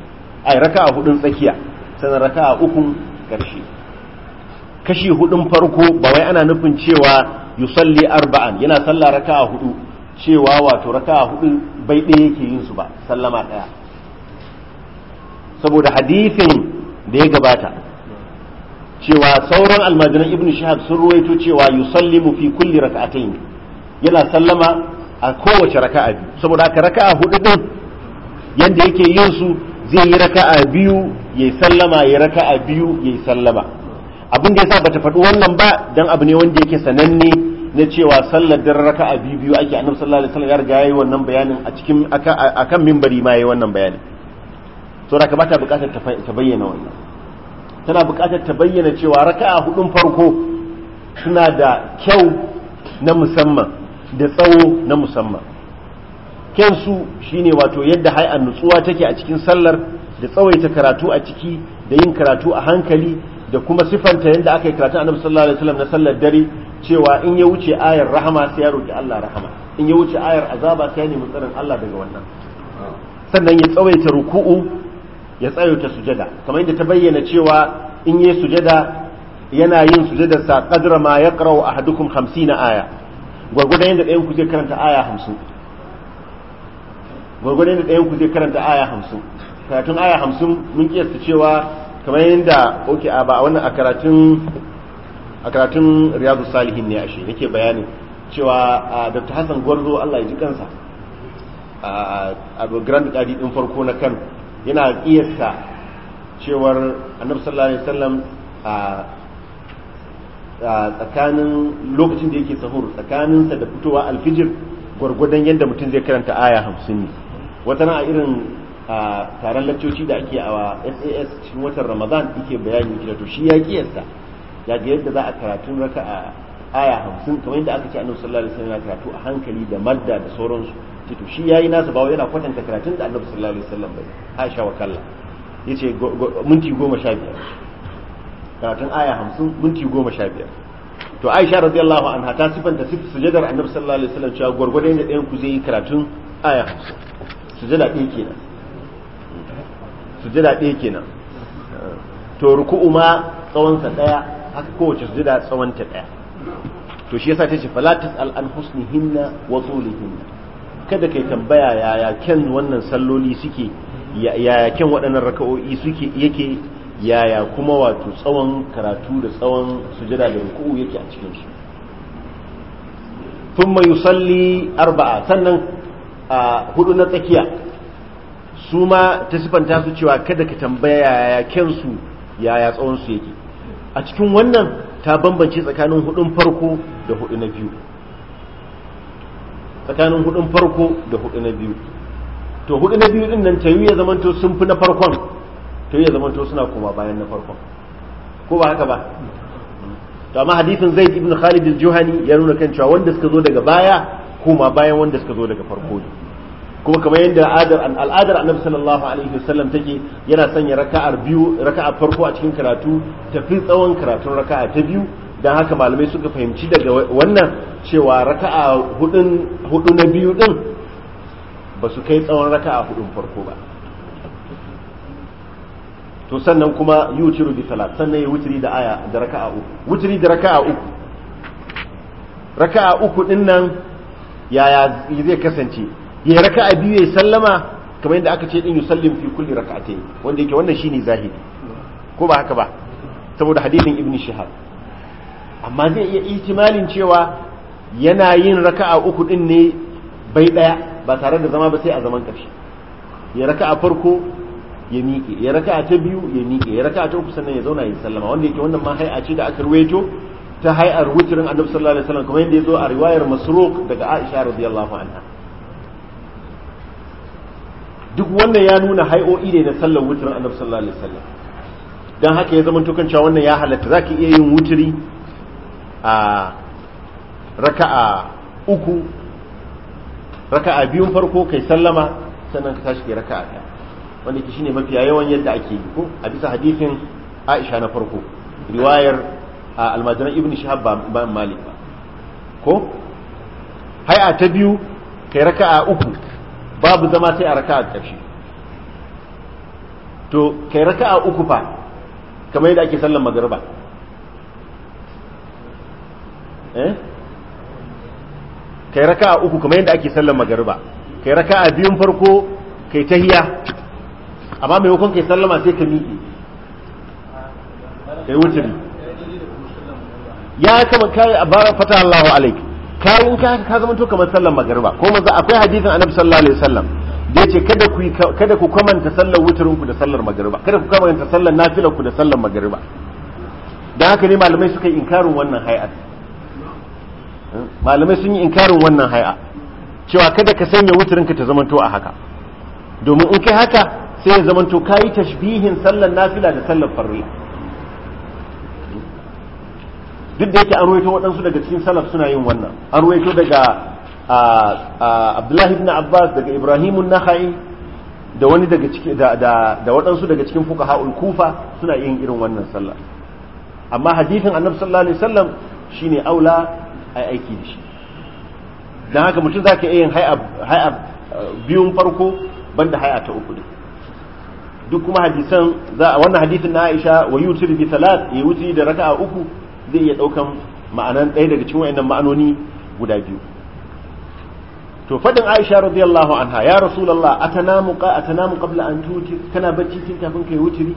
ai a hudun tsakiya sannan a ukun karshe kashi hudun farko ba wai ana nufin cewa yusalli arba'an yana sallah a hudu cewa wato raka a hudu bai ɗaya yake yin su ba sallama ɗaya saboda hadifin da ya gabata cewa sauran almajiran ibn shahab sun ruwaito cewa mu fi kulli raka'atayn yana sallama a kowace raka'a biyu saboda haka raka'a hudu din yanda yake yin su zai yi raka'a biyu yayi sallama yayi raka'a biyu yayi sallama abin da yasa bata faɗi wannan ba dan abu ne wanda yake sananne na cewa sallar dare raka'a biyu biyu ake annabi sallallahu alaihi wasallam ya riga yayi wannan bayanin a cikin akan minbari ma yayi wannan bayanin saboda ka bata buƙatar ta bayyana wannan tana buƙatar ta bayyana cewa raka'a hudun farko suna da kyau na musamman da tsawo na musamman su shine wato yadda hai'ar nutsuwa take a cikin sallar da tsawaita karatu a ciki da yin karatu a hankali da kuma sifanta yadda aka yi karatu annabi sallallahu alaihi wasallam na sallar dare cewa in ya wuce ayar rahama sai ya roki Allah rahama in ya wuce ayar azaba sai ya nemi tsarin Allah daga wannan sannan ya tsawaita ruku'u ya ta sujada kamar yadda ta bayyana cewa in yi sujada yana yin sa qadra ma yaqra'u ahadukum 50 aya gwargwadon yadda ɗayan ku zai karanta aya hamsin gwargwadon yadda ɗayan ku zai karanta aya hamsin karatun aya hamsin mun kiyasta cewa kamar yadda oke a ba wannan a karatun a karatun riyadu salihin ne ashe nake bayani cewa dr hassan gwarzo allah ya ji kansa a grand kadi din farko na kan yana kiyasta cewar annabi sallallahu alaihi wasallam tsakanin lokacin da yake sahur tsakaninsa da fitowa alfijir gwargwadon yadda mutum zai karanta aya hamsin ne wata na irin taron laccoci da ake a sas cikin watan ramadan yake bayani kira to shi ya kiyasta ya ga yadda za a karatun raka a aya hamsin kamar yadda aka ce annabi sallallahu alaihi wasallam karatu a hankali da madda da sauransu ce to shi yayi nasa bawa yana kwatanta karatun da annabi sallallahu alaihi wasallam bai aisha wa kalla yace minti goma sha biyar karatun aya hamsin minti goma sha biyar to aisha radiyallahu anha ta sifanta sif sujadar annabi sallallahu alaihi wasallam cewa gwargwado yadda ɗayan ku zai yi karatun aya hamsin sujada ɗaya kenan sujada ɗaya kenan to ruku'u ma tsawonsa ɗaya haka kowace sujada tsawonta ɗaya to shi yasa ce falatis al an hinna wa hinna. kada kai tambaya yaya ken wannan salloli suke yaya ken waɗannan raka'o'i suke yake yaya kuma wato tsawon karatu da tsawon sujada da ruku'u yake a cikin su thumma yusalli arba'a sannan a hudu na tsakiya su ma ta sifanta su cewa kada ka tambaya yaya kyansu yaya tsawon su yake a cikin wannan ta bambance tsakanin hudun farko da hudu na biyu tsakanin hudun farko da hudu na biyu to hudu na biyu din nan tayu ya zamanto sun fi na farkon to ya zama to suna koma bayan na farkon ko ba haka ba to amma hadisin zaid ibn khalid al-juhani ya nuna kan cewa wanda suka zo daga baya koma bayan wanda suka zo daga farko kuma kamar yadda al'adar annabi sallallahu alaihi wasallam take yana sanya raka'ar biyu raka'a farko a cikin karatu tafi tsawon karatun raka'a ta biyu dan haka malamai suka fahimci daga wannan cewa raka'a hudun hudu na biyu din ba su kai tsawon raka'a hudun farko ba to sannan kuma yutiru bi salat sannan ya wutiri da aya da raka'a uku wutiri da raka'a uku raka'a uku din nan yaya zai kasance ya raka'a biyu ya sallama kamar yadda aka ce din yusallim fi kulli yi wanda yake wannan shine zahiri ko ba haka ba saboda hadisin ibn shihab amma zai iya itimalin cewa yana yin raka'a uku din ne bai daya ba tare da zama ba sai a zaman karshe ya raka'a farko ya miƙe ya raka ta biyu ya miƙe ya raka ta uku sannan ya zauna ya sallama wanda yake wannan ma hai'a ce da aka ruwaito ta hai'ar wutirin annabi sallallahu alaihi wasallam kamar yadda ya zo a riwayar masruq daga Aisha radiyallahu anha duk wannan ya nuna hai'o'i ne na sallar wutirin annabi sallallahu alaihi wasallam dan haka ya zama tukan cewa wannan ya halatta zaki iya yin wutiri a raka'a uku raka'a biyun farko kai sallama sannan ka tashi kai raka'a ɗaya wanda ke shine mafiya yawan yadda ake yi ko a bisa hadisin Aisha na farko riwayar almajiran ibn Shihab ba Malik ba ko hai'a ta biyu kai raka'a uku babu zama sai a raka'a ƙarshe to kai raka'a uku fa kamar yadda ake sallan magariba eh kai raka'a uku kamar yadda ake sallan magariba kai raka'a biyun farko kai tahiya amma hukunka ya sallama sai ka miƙe kai ne ya kama kayi a bara fata Allahu alaik kayan in ka ka zama to kamar sallan magariba ko maza akwai hadisin annabi sallallahu alaihi wasallam da yace kada ku kada ku kwamanta sallar wuturin ku da sallar magariba kada ku kwamanta sallar nafilar ku da sallar magariba dan haka ne malamai suka yi inkarin wannan hay'a malamai sun yi inkarin wannan hay'a cewa kada ka sanya wuturin ka ta zama to a haka domin in kai haka sai ya zamanto yi tashbihin sallar nafila da sallar farri duk da yake an ruwaito waɗansu daga cikin salaf suna yin wannan an ruwaito daga Abdullahi ibn Abbas daga Ibrahim hai da wani daga cikin da da waɗansu daga cikin fuqaha'ul Kufa suna yin irin wannan sallah amma hadithin Annabi sallallahu alaihi wasallam shine aula ai aiki da shi dan haka mutum zaka iya yin hay'a biyun farko banda hay'a ta uku din duk kuma hadisan za a wannan hadisin na Aisha wa yutir bi salat ya wuti da raka'a uku zai iya daukan ma'anan ɗaya daga cikin wayannan ma'anoni guda biyu to fadin Aisha radiyallahu anha ya rasulullah atanamu qa atanamu qabla an tuti kana bacci tun kafin kai wutiri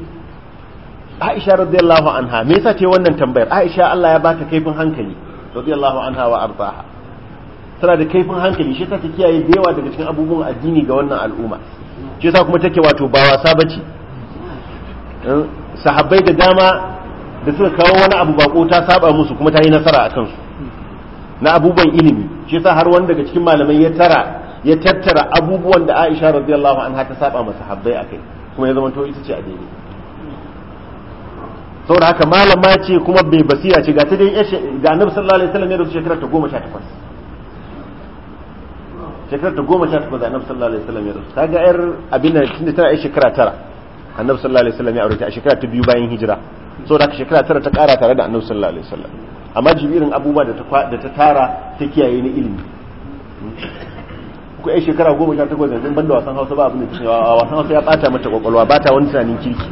Aisha radiyallahu anha me yasa ce wannan tambayar Aisha Allah ya bata kaifin hankali radiyallahu anha wa ardaha tana da kaifin hankali shi ta kiyaye da yawa daga cikin abubuwan addini ga wannan al'umma shi yasa kuma take wato ba wasa bace eh, sahabbai da dama da suka kawo wani abu bako ta saba musu kuma ta yi nasara a kansu na abubuwan ilimi shi yasa har wani daga cikin malamai ya tara ya tattara abubuwan da Aisha radiyallahu anha ta saba masa sahabbai akai kuma ya zama to ita ce a daidai saboda haka malama ce kuma bai basira ce ga ta dai ga Annabi sallallahu alaihi wasallam ya shekara ta shekara ta goma sha takwas annabi sallallahu alaihi wasallam ya rasu ta ga yar abin da tunda tana yi shekara tara annabi sallallahu alaihi wasallam ya aure ta a shekara ta biyu bayan hijira so haka shekara tara ta kara tare da annabi sallallahu alaihi wasallam amma jibirin abubuwa da ta da ta tara ta kiyaye na ilimi ku ai shekara goma sha takwas yanzu banda wasan hausa ba abin da take wasan hausa ya bata mata kokolwa ba ta wani tunanin kirki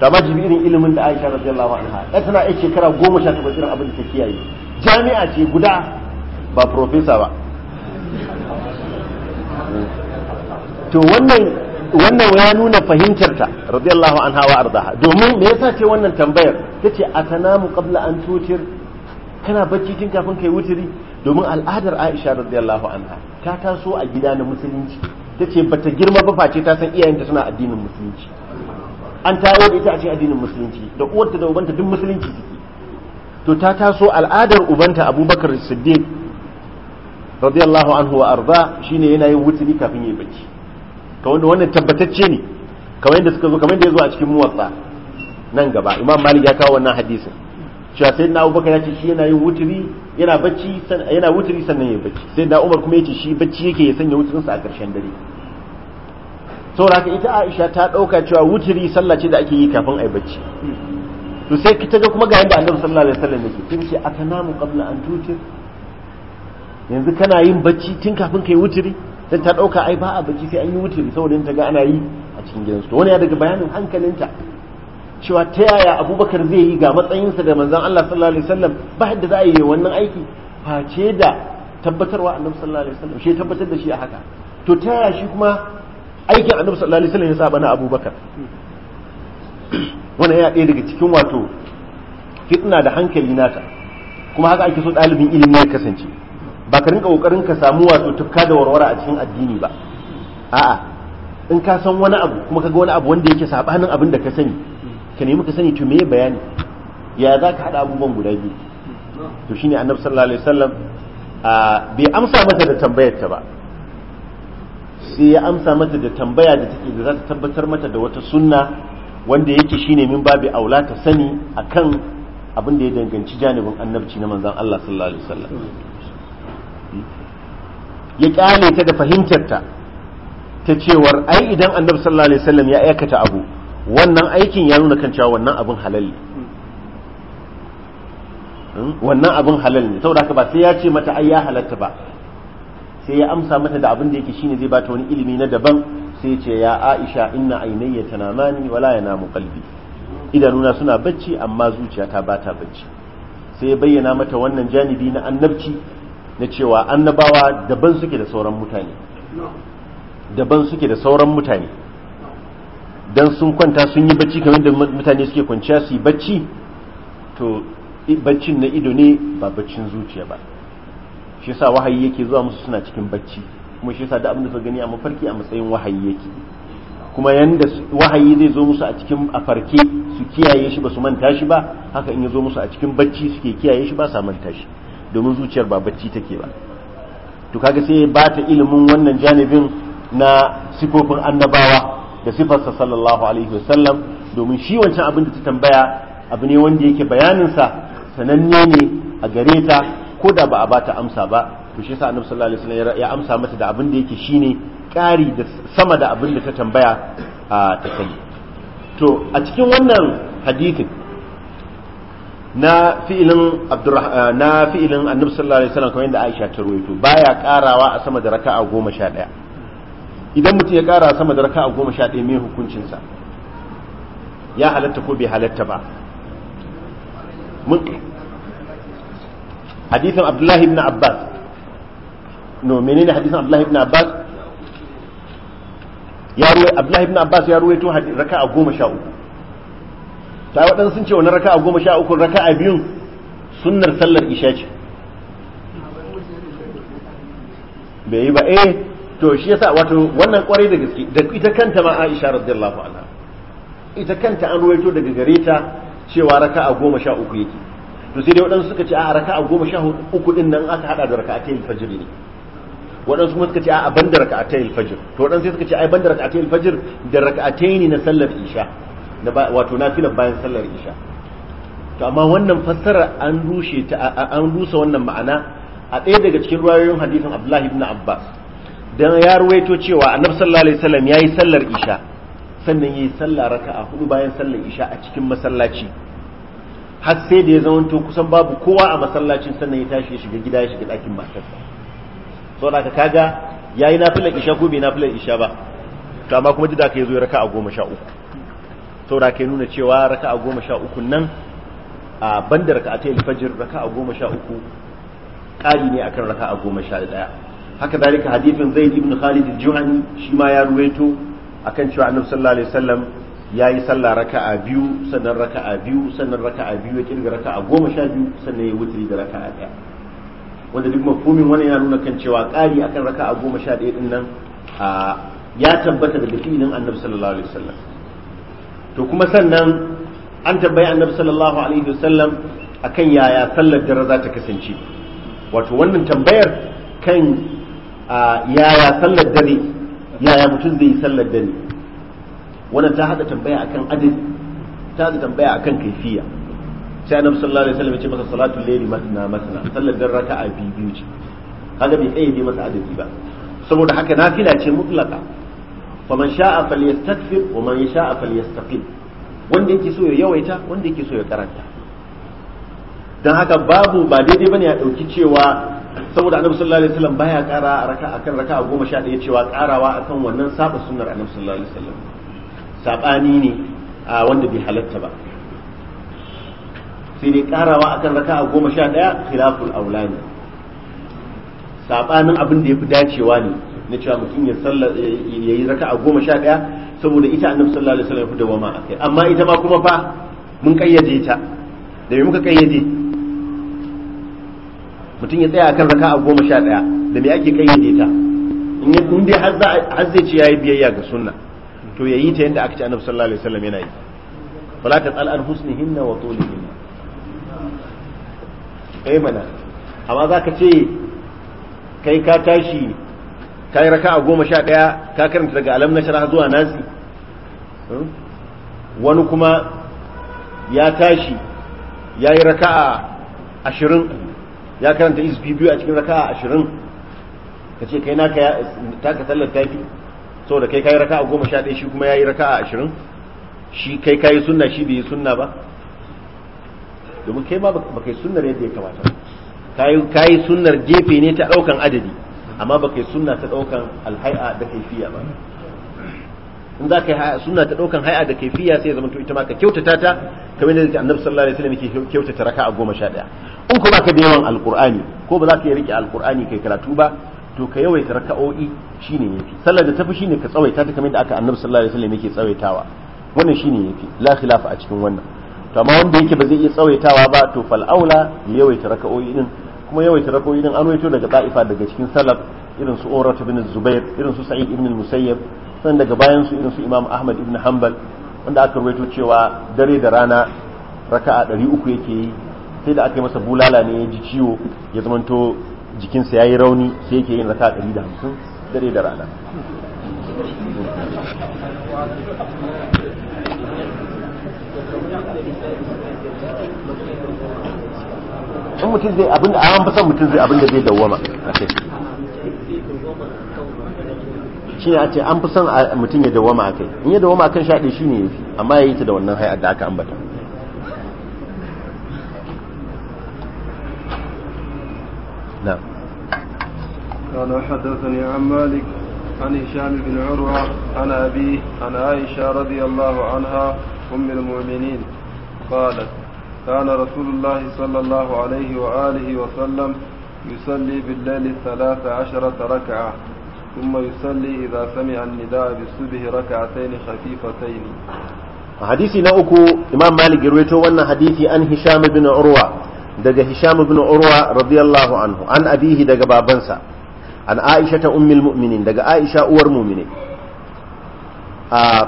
to amma jibirin ilimin da Aisha radiyallahu anha ta tana ai shekara goma sha takwas irin abin da ta kiyaye jami'a ce guda ba professor ba to wannan wannan ya nuna fahimtarta radiyallahu anha wa ardaha domin me yasa ce wannan tambayar tace atanamu qabla an tutir kana bacci tun kafin kai wuturi domin al'adar Aisha radiyallahu anha ta taso a gida na musulunci tace bata girma ba face ta san iyayenta suna addinin musulunci an tawo da ita a cikin addinin musulunci da uwarta da ubanta duk musulunci suke to ta taso al'adar ubanta Abubakar Siddiq radiyallahu anhu wa arda shine yana yin wuturi kafin yayi bacci to wanda wannan tabbatacce ne kamar yadda suka zo kamar yadda ya zo a cikin muwatta nan gaba imam malik ya kawo wannan hadisin cewa sai na abubakar ya ce shi yana yin wuturi yana bacci yana wuturi sannan ya bacci sai na umar kuma ya ce shi bacci yake ya sanya wuturinsa a ƙarshen dare saboda haka ita aisha ta ɗauka cewa wuturi sallah ce da ake yi kafin a yi bacci to sai ta ga kuma ga yadda annabi sallallahu alaihi wasallam yake sai ce atanamu qabla an tutir yanzu kana yin bacci tun kafin ka yi wuturi sai ta dauka ai ba a bacci sai an yi wuturi saboda ta ga ana yi a cikin gidansu to wani ya daga bayanin hankalinta cewa ta yaya abubakar zai yi ga matsayinsa da manzon Allah sallallahu alaihi wasallam ba yadda za a yi wannan aiki face da tabbatarwa annabi sallallahu alaihi wasallam shi tabbatar da shi a haka to ta yaya shi kuma aikin annabi sallallahu alaihi wasallam ya saba na abubakar wannan ya ɗaya daga cikin wato fitna da hankali nata kuma haka ake so ɗalibin ilimi ya kasance ba ka rinka kokarin ka samu wato tukka da warwara a cikin addini ba a'a in ka san wani abu kuma ka ga wani abu wanda yake sabanin abin da ka sani ka nemi ka sani to me bayani ya za ka hada abubuwan guda biyu to shine annabi sallallahu alaihi wasallam bai amsa mata da tambayar ta ba sai ya amsa mata da tambaya da take da za ta tabbatar mata da wata sunna wanda yake shine min babu aula ta sani akan abin da ya danganci janibin annabci na manzon Allah sallallahu alaihi wasallam ya kyale ta da fahimtarta ta cewar ai idan annabi sallallahu alaihi wasallam ya aikata abu wannan aikin ya nuna kan cewa wannan abin halal ne hmm? wannan abin halal ne saboda haka ba sai ya ce mata ai ya halatta ba sai ya amsa mata da abin da yake shine zai bata wani ilimi na daban sai ya ce ya Aisha inna ainayya tanamani wala yanamu qalbi idanuna suna bacci amma zuciyata ba ta bacci sai ya bayyana mata wannan janibi na annabci na cewa annabawa daban suke da sauran mutane daban suke da sauran mutane dan sun kwanta sun yi bacci kamar da mutane suke kwanciya su yi bacci to baccin na ido ne ba baccin zuciya ba shi yasa wahayi yake zuwa musu suna cikin bacci kuma shi yasa da abin da suka gani a mafarki a matsayin wahayi yake kuma yanda wahayi zai zo musu a cikin a farke su kiyaye shi ba su manta shi ba haka in ya zo musu a cikin bacci suke kiyaye shi ba sa manta shi domin zuciyar ba bacci take ba to kaga sai ba ta ilimin wannan janibin na sifofin annabawa da sifarsa sallallahu alaihi wasallam domin shi wancan abin da ta tambaya abu ne wanda yake bayanin sa sananne ne a gare ta ko da ba a bata amsa ba to shi yasa annabi sallallahu alaihi wasallam ya amsa mata da abin da yake shine ƙari da sama da abin da ta tambaya a ta sani to a cikin wannan hadithin na fi'ilin eh, na fi'ilin annabi sallallahu alaihi wasallam kamar yadda Aisha ta ruwaito baya karawa a sama da raka'a goma sha ɗaya idan mutum ya kara sama da raka'a goma sha ɗaya me hukuncin sa ya halatta ko bai halatta ba mun hadithin Abdullah ibn Abbas no menene hadithin Abdullah ibn Abbas ya ruwaito Abdullah ibn Abbas ya ruwaito raka'a goma sha uku ta waɗansu sun ce wani raka a goma sha uku raka a biyun sunnar sallar isha ce bai yi ba eh to shi yasa wato wannan kwarai da gaske da ita kanta ma Aisha radiyallahu anha ita kanta an ruwaito daga gare ta cewa a goma sha uku yake to sai dai waɗansu suka ce a a goma sha uku din nan aka hada da raka a tayin fajr ne waɗansu kuma suka ce a banda a tayin fajr to waɗansu suka ce ai banda a tayin fajr da raka a tayin na sallar isha wato filan bayan sallar isha to amma wannan fassara an rushe ta an rusa wannan ma'ana a ɗaya daga cikin ruwayoyin hadisin Abdullahi ibn Abbas dan ya ruwaito cewa Annabi sallallahu alaihi wasallam yayi sallar isha sannan yayi sallar raka'a hudu bayan sallar isha a cikin masallaci har sai da ya zamanto kusan babu kowa a masallacin sannan ya tashi ya shiga gida ya shiga ɗakin matarsa saboda ka kaga yayi nafilar isha ko bai nafilar isha ba to amma kuma duk da ka yazo ya raka'a goma sha uku saura ke nuna cewa raka a goma sha uku nan a banda raka'a ta raka a goma sha uku ƙari ne akan a goma sha ɗaya haka zalika hadifin zai ibn khalid juhani shi ma ya ruwaito akan cewa annabi sallallahu alaihi wasallam ya yi sallah a biyu sannan raka a biyu sannan raka a biyu ya kirga a goma sha biyu sannan ya wuturi da raka a ɗaya wanda duk mafhumin wannan ya nuna kan cewa ƙari akan a goma sha ɗaya din nan ya tabbata daga nan annabi sallallahu alaihi wasallam to kuma sannan an tambayi annabi sallallahu alaihi wasallam akan yaya sallar dare za ta kasance wato wannan tambayar kan yaya sallar dare yaya mutum zai yi sallar dare wannan ta hada tambaya akan adadi ta hada tambaya akan kaifiya sai annabi sallallahu alaihi wasallam ya ce masa salatu layli masna masna sallar dare raka'a a biyu ce kaga bai tsaye masa adadi ba saboda haka nafila ce mutlaka faman sha'a falyastakfir wa man sha'a falyastaqim wanda yake so ya yawaita wanda yake so ya karanta dan haka babu ba daidai bane ya dauki cewa saboda annabi sallallahu alaihi wasallam baya kara raka akan raka goma sha ɗaya cewa karawa akan wannan saba sunnar annabi sallallahu alaihi wasallam sabani ne a wanda bai halatta ba sai dai karawa akan raka goma sha ɗaya khilaful aulani sabanin abin da yafi dacewa ne na cewa mutum ya yi ya yi goma sha ɗaya saboda ita annabi sallallahu alaihi wasallam da wama akai amma ita ma kuma fa mun kayyade ta da me muka kayyade mutum ya tsaya akan a goma sha ɗaya da me ake kayyade ta in dai har zai ce yayi biyayya ga sunna to yayi ta yadda aka ci annabi sallallahu alaihi wasallam yana yi fala tsal an husnihinna wa tulihinna kai eh mana amma zaka ce kai ka tashi ka yi raka'a goma sha ɗaya ka karanta daga alam na shara zuwa Nazi? Hmm? wani kuma ya tashi ya yi raka'a ashirin ya karanta isbi biyu a cikin raka'a ashirin ka ce kai naka taka sallar Sau da kai ka raka raka'a goma sha ɗaya shi kuma ya yi raka'a ashirin shi kai ka yi sunna shi bai yi sunna ba domin kai ma ba kai sunnar yadda ya kamata kayi sunnar gefe ne ta ɗaukan adadi amma ba kai sunna ta daukan alhai'a da kaifiya ba in za ka yi sunna ta daukan hai'a da kaifiya sai ya zama to ita ma ka kyautata ta kamar yadda annabi sallallahu alaihi wasallam yake kyautata raka'a goma sha ɗaya in ko ka da yawan alqur'ani ko ba za ka yi rike alqur'ani kai karatu ba to ka yawaita raka'o'i shine yafi sallar da tafi shine ka tsawaita ta kamar yadda aka annabi sallallahu alaihi wasallam yake tsawaitawa wannan shine yafi la khilafa a cikin wannan to amma wanda yake ba zai iya tsawaitawa ba to fal aula ya yawaita raka'o'i din kuma yawaita rako idan an waito daga ta'ifa daga cikin salaf irin su Urat ibn Zubair irin su Sa'id ibn Musayyab sannan daga bayan su irin su Imam Ahmad ibn Hanbal wanda aka rawaito cewa dare da rana raka'a 300 yake yi sai da aka masa bulala ne ya ji ciwo ya zamanto jikinsa yayi rauni sai yake yin raka'a 150 dare da rana in mutum zai abin da an fi son mutum zai abin da zai dawwama a kai shi ne a ce an fi son mutum ya dawwama a kai in ya dawwama a shaɗe shi ne amma ya yi ta da wannan hayar da aka ambata نعم قال حدثني عن مالك عن هشام بن عروة عن أبيه عن عائشة رضي الله عنها أم المؤمنين قالت كان رسول الله صلى الله عليه وآله وسلم يصلي بالليل ثلاث عشرة ركعة ثم يصلي إذا سمع النداء بالصبح ركعتين خفيفتين حديثي نأكو إمام مالك رويته وأن حديثي عن هشام بن عروة دقى هشام بن عروة رضي الله عنه عن أبيه دقى بابنسا عن عائشة أم المؤمنين دقى عائشة أور مؤمنين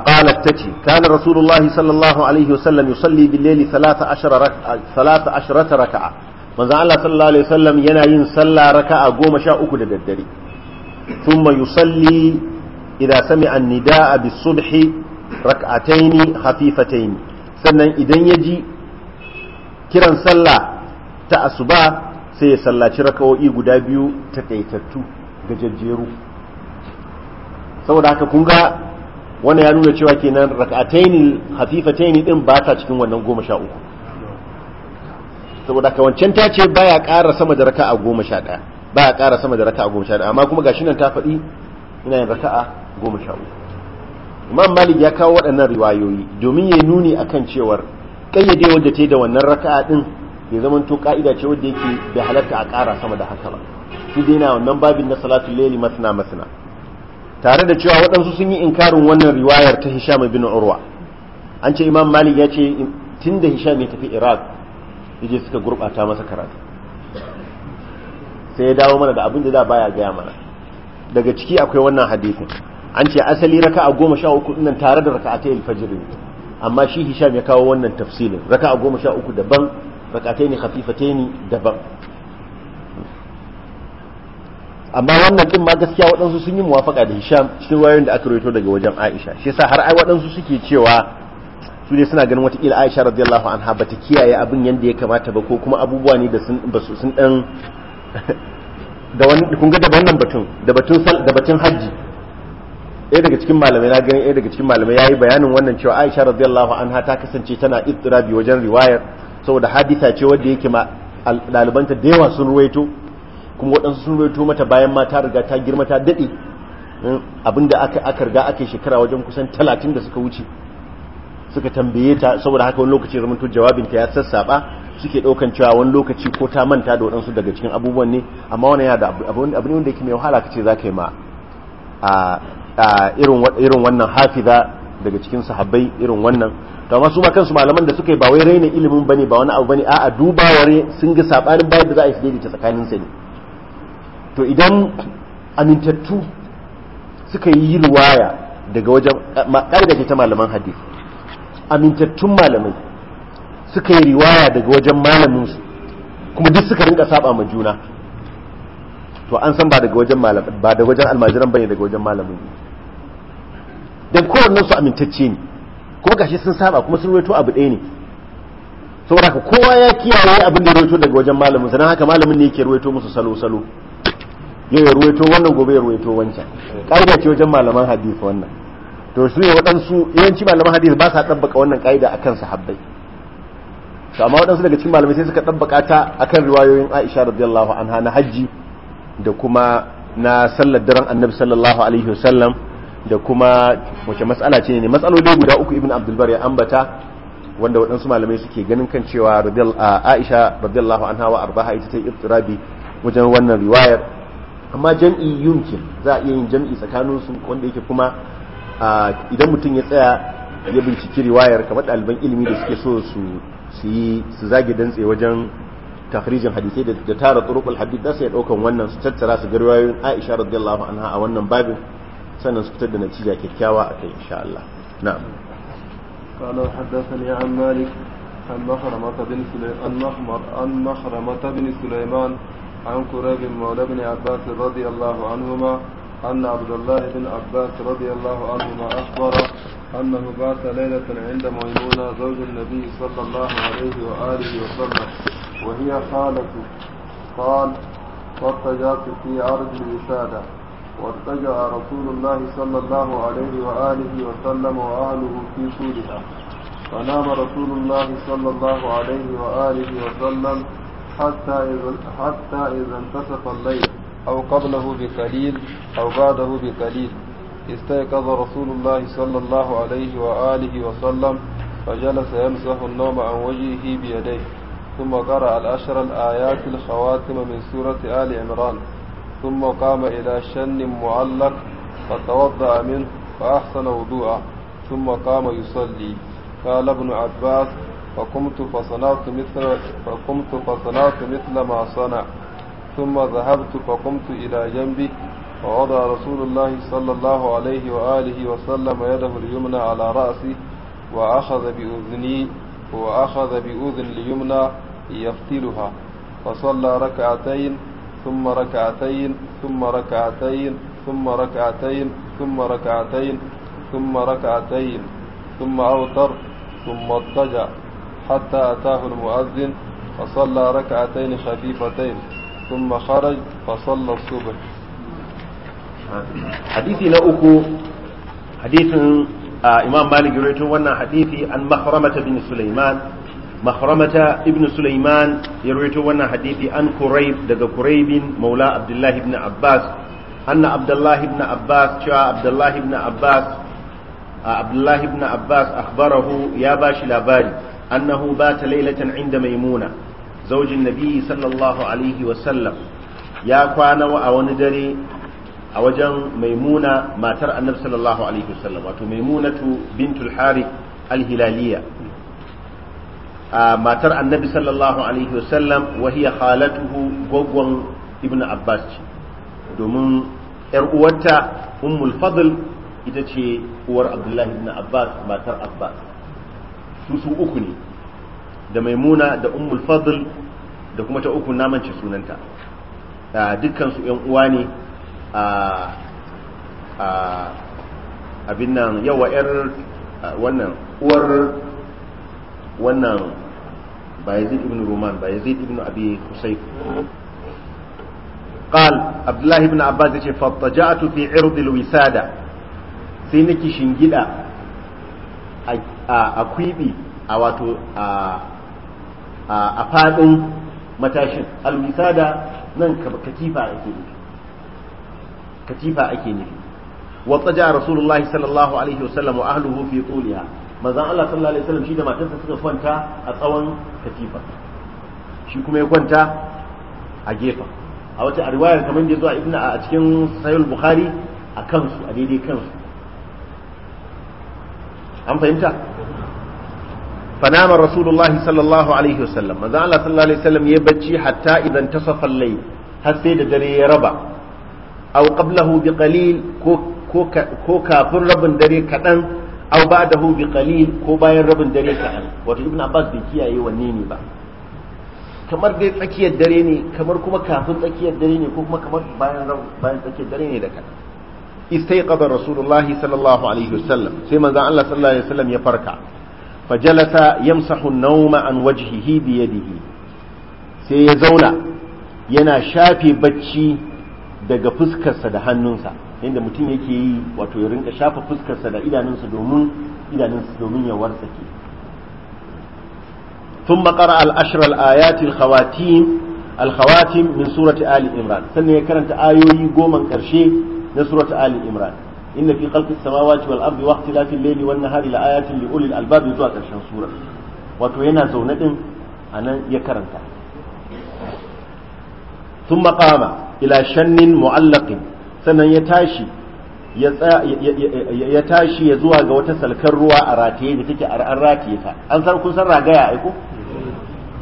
قالت تتي كان رسول الله صلى الله عليه وسلم يصلي بالليل ثلاث عشر ركعة ثلاث عشرة ركعة من الله صلى الله عليه وسلم ينعين صلى ركعة قوم شاء أكل الدري ثم يصلي إذا سمع النداء بالصبح ركعتين خفيفتين sannan idan ya ji kiran sallah ta asuba sai ya sallaci rakawo'i guda biyu takaitattu gajajjeru saboda haka kun ga wannan ya nuna cewa kenan rak'ataini khafifataini din ba ta cikin wannan goma sha uku saboda ka wancan ta ce baya ƙara sama da raka'a goma sha ɗaya baya ƙara sama da raka'a goma sha ɗaya amma kuma gashi nan ta faɗi ina yin raka'a goma sha uku imam malik ya kawo waɗannan riwayoyi domin ya nuni akan cewar ƙayyade wanda ta yi da wannan raka'a ɗin ya zama to ka'ida ce wanda yake da halatta a ƙara sama da haka ba shi dai na wannan babin na salatul laili masna masna tare da cewa waɗansu sun yi inkarin wannan riwayar ta hisham bin urwa an ce imam malik ya ce tun da hisham ya tafi iraq yaje suka gurɓata masa karatu sai ya dawo mana da abin da da baya gaya mana daga ciki akwai wannan hadisin an ce asali raka'a goma sha uku nan tare da raka'atai al-fajr amma shi hisham ya kawo wannan tafsilin raka'a goma sha daban raka'atai ne khafifataini daban amma wannan din ma gaskiya waɗansu sun yi muwafaka da Hisham cikin wayoyin da aka rawaito daga wajen Aisha shi yasa har ai waɗansu suke cewa su ne suna ganin ila Aisha radiyallahu anha bata kiyaye abin yanda ya kamata ba ko kuma abubuwa ne da sun basu sun dan da wani kun ga da wannan batun da batun da batun haji ɗaya daga cikin malamai na ganin ɗaya daga cikin malamai yayi bayanin wannan cewa Aisha radiyallahu anha ta kasance tana ittirabi wajen riwayar saboda haditha ce wanda yake ma ɗalibanta da yawa sun ruwaito kuma waɗansu sun roto mata bayan ma ta riga ta girma ta daɗe hmm, abinda aka aka riga aka shekara wajen kusan talatin da suka wuce suka tambaye ta saboda haka wani lokaci zamanto jawabinta ya sassaba suke ɗaukan cewa wani lokaci ko ta manta da waɗansu daga cikin abubuwan ne amma wani yana da abu ne wanda yake mai wahala kace za ka yi ma a irin wannan hafiza daga cikin sahabbai irin wannan to amma su ma kansu malaman da suka yi ba wai raina ilimin bane ba wani abu bane a'a dubawar sun ga sabanin bayan da za a yi su daidaita tsakanin sa ne to idan amintattu suka yi riwaya daga wajen eh, ƙa'ida ce ta malaman hadith amintattun malamai suka yi riwaya daga wajen malaminsu kuma duk suka rinka saba ma juna to an san ba daga wajen malamai ba daga wajen almajiran bane daga wajen malamin dan kowannen su amintacce ne kuma gashi sun saba kuma sun rawaito abu ɗaya ne saboda kowa ya kiyaye abin da ya rawaito daga wajen malamin sa haka malamin ne yake rawaito musu salo salo yau ya ruwaito wannan gobe ya ruwaito wancan ƙa'ida ce wajen malaman hadith wannan to su ne waɗansu yawanci malaman hadith ba sa ɗabbaka wannan ƙa'ida akan sahabbai to amma waɗansu daga cikin malamai sai suka ɗabbaka ta akan riwayoyin Aisha radiyallahu anha na hajji da kuma na sallar daren annabi sallallahu alaihi wasallam da kuma wace matsala ce ne matsaloli guda uku ibn abdul bar ya ambata wanda waɗansu malamai suke ganin kan cewa Aisha radiyallahu anha wa arbaha ita ta iftirabi wajen wannan riwayar amma jam'i yunkin za a iya yin jam'i tsakanin su wanda yake kuma idan mutum ya tsaya ya binciki riwayar kamar ɗaliban ilimi da suke so su yi su zage dantse wajen tafrijin hadisai da tara turuqul hadith da sai daukan wannan su tattara su ga riwayoyin Aisha radiyallahu anha a wannan babin sannan su fitar da natija kyakkyawa kai insha Allah na'am قال حدثني عن مالك عن مخرمة بن سليمان عن مخرمة بن سليمان عن كريب مولى بن عباس رضي الله عنهما أن عبد الله بن عباس رضي الله عنهما أخبر أنه بات ليلة عند ميمونة زوج النبي صلى الله عليه وآله وسلم وهي خالته قال فاضطجعت في عرض الوسادة وارتجع رسول الله صلى الله عليه وآله وسلم وأهله في طولها فنام رسول الله صلى الله عليه وآله وسلم حتى إذا حتى إذا انتصف الليل أو قبله بقليل أو بعده بقليل استيقظ رسول الله صلى الله عليه وآله وسلم فجلس يمسح النوم عن وجهه بيديه ثم قرأ العشر الآيات الخواتم من سورة آل عمران ثم قام إلى شن معلق فتوضأ منه فأحسن وضوءه ثم قام يصلي قال ابن عباس فقمت فصنعت مثل فقمت فصنعت مثل ما صنع ثم ذهبت فقمت إلى جنبي فوضع رسول الله صلى الله عليه وآله وسلم يده اليمنى على رأسي وأخذ بأذني وأخذ بأذن اليمنى يفتلها فصلى ركعتين ثم ركعتين ثم ركعتين ثم ركعتين ثم ركعتين ثم ركعتين ثم أوتر ثم اضطجع حتى أتاه المؤذن فصلى ركعتين خفيفتين ثم خرج فصلى الصبح حديثي نأكو حديث إمام مالك يريتون وانا حديثي عن مخرمة بن سليمان مخرمة ابن سليمان يرويته وانا حديثي عن كريب دقى كريب مولى عبد الله بن عباس أن عبد الله بن عباس شاء عبد الله بن عباس عبد الله بن عباس أخبره يا باشي لاباري أنه بات ليلة عند ميمونة زوج النبي صلى الله عليه وسلم يا كوانا وأون دري أوجن ميمونة ما ترى النبي صلى الله عليه وسلم وتو ميمونة بنت الحارث الهلالية ما ترى النبي صلى الله عليه وسلم وهي خالته غوغون ابن عباس domin ‘yar uwarta ummul fadl ita ce uwar abdullahi ibn abbas matar abbas su su uku ne da maimuna da ummul fadl da kuma ta uku namance sunanta dukkan su yan uwa ne a abin nan yawa yar wannan uwar wannan bayezid ibn roman bayezid ibn abi husayf قال عبد الله بن عباس يقول فاضطجعت في عرض الوساده sai nake shingida a kwibi a wato a faɗin matashin da nan katifa ake nufi katifa ake nufi watsaja rasulullahi sallallahu alaihi wasallam wa ahluhu fi tsuliya mazan Allah sallallahu alaihi wasallam shi da matarsa suka kwanta a tsawon katifa shi kuma ya kwanta a gefa a wata riwayar kamar da ya zo a a cikin sahih bukhari a kansu a daidai kansu an fahimta fanama rasulullahi sallallahu alaihi wasallam manzo Allah sallallahu alaihi wasallam ya bacci hatta idan ta al-layl har sai da dare ya raba au qablahu bi qalil ko ko kafin rabin dare kaɗan aw ba'dahu bi qalil ko bayan rabin dare kaɗan wato ibn abbas bai kiyaye wanne ne ba kamar dai tsakiyar dare ne kamar kuma kafin tsakiyar dare ne ko kuma kamar bayan bayan tsakiyar dare ne da kaɗan istaiqadha rasulullahi sallallahu alaihi wasallam sai manzon Allah sallallahu alaihi wasallam ya farka fajalasa yamsahu an-nawma an wajhihi bi yadihi sai ya zauna yana shafe bacci daga fuskarsa da hannunsa inda mutum yake yi wato ya rinka shafa fuskarsa da idanunsa domin idanunsa domin ya wartsake ثم قرأ العشر الآيات الخواتيم الخواتيم من سورة آل إمران سنة ayoyi آيوي قوما na surat ali imran inna fi khalqi samawati wal ardi wa ikhtilafil layli wan nahari la ayatin li ulil albab zuwa karshen surar wato yana zaune din anan ya karanta thumma qama ila shannin mu'allaqin sannan ya tashi ya tashi ya zuwa ga wata salkar ruwa a rataye da take an rataye ta an san kun san ragaya ai ko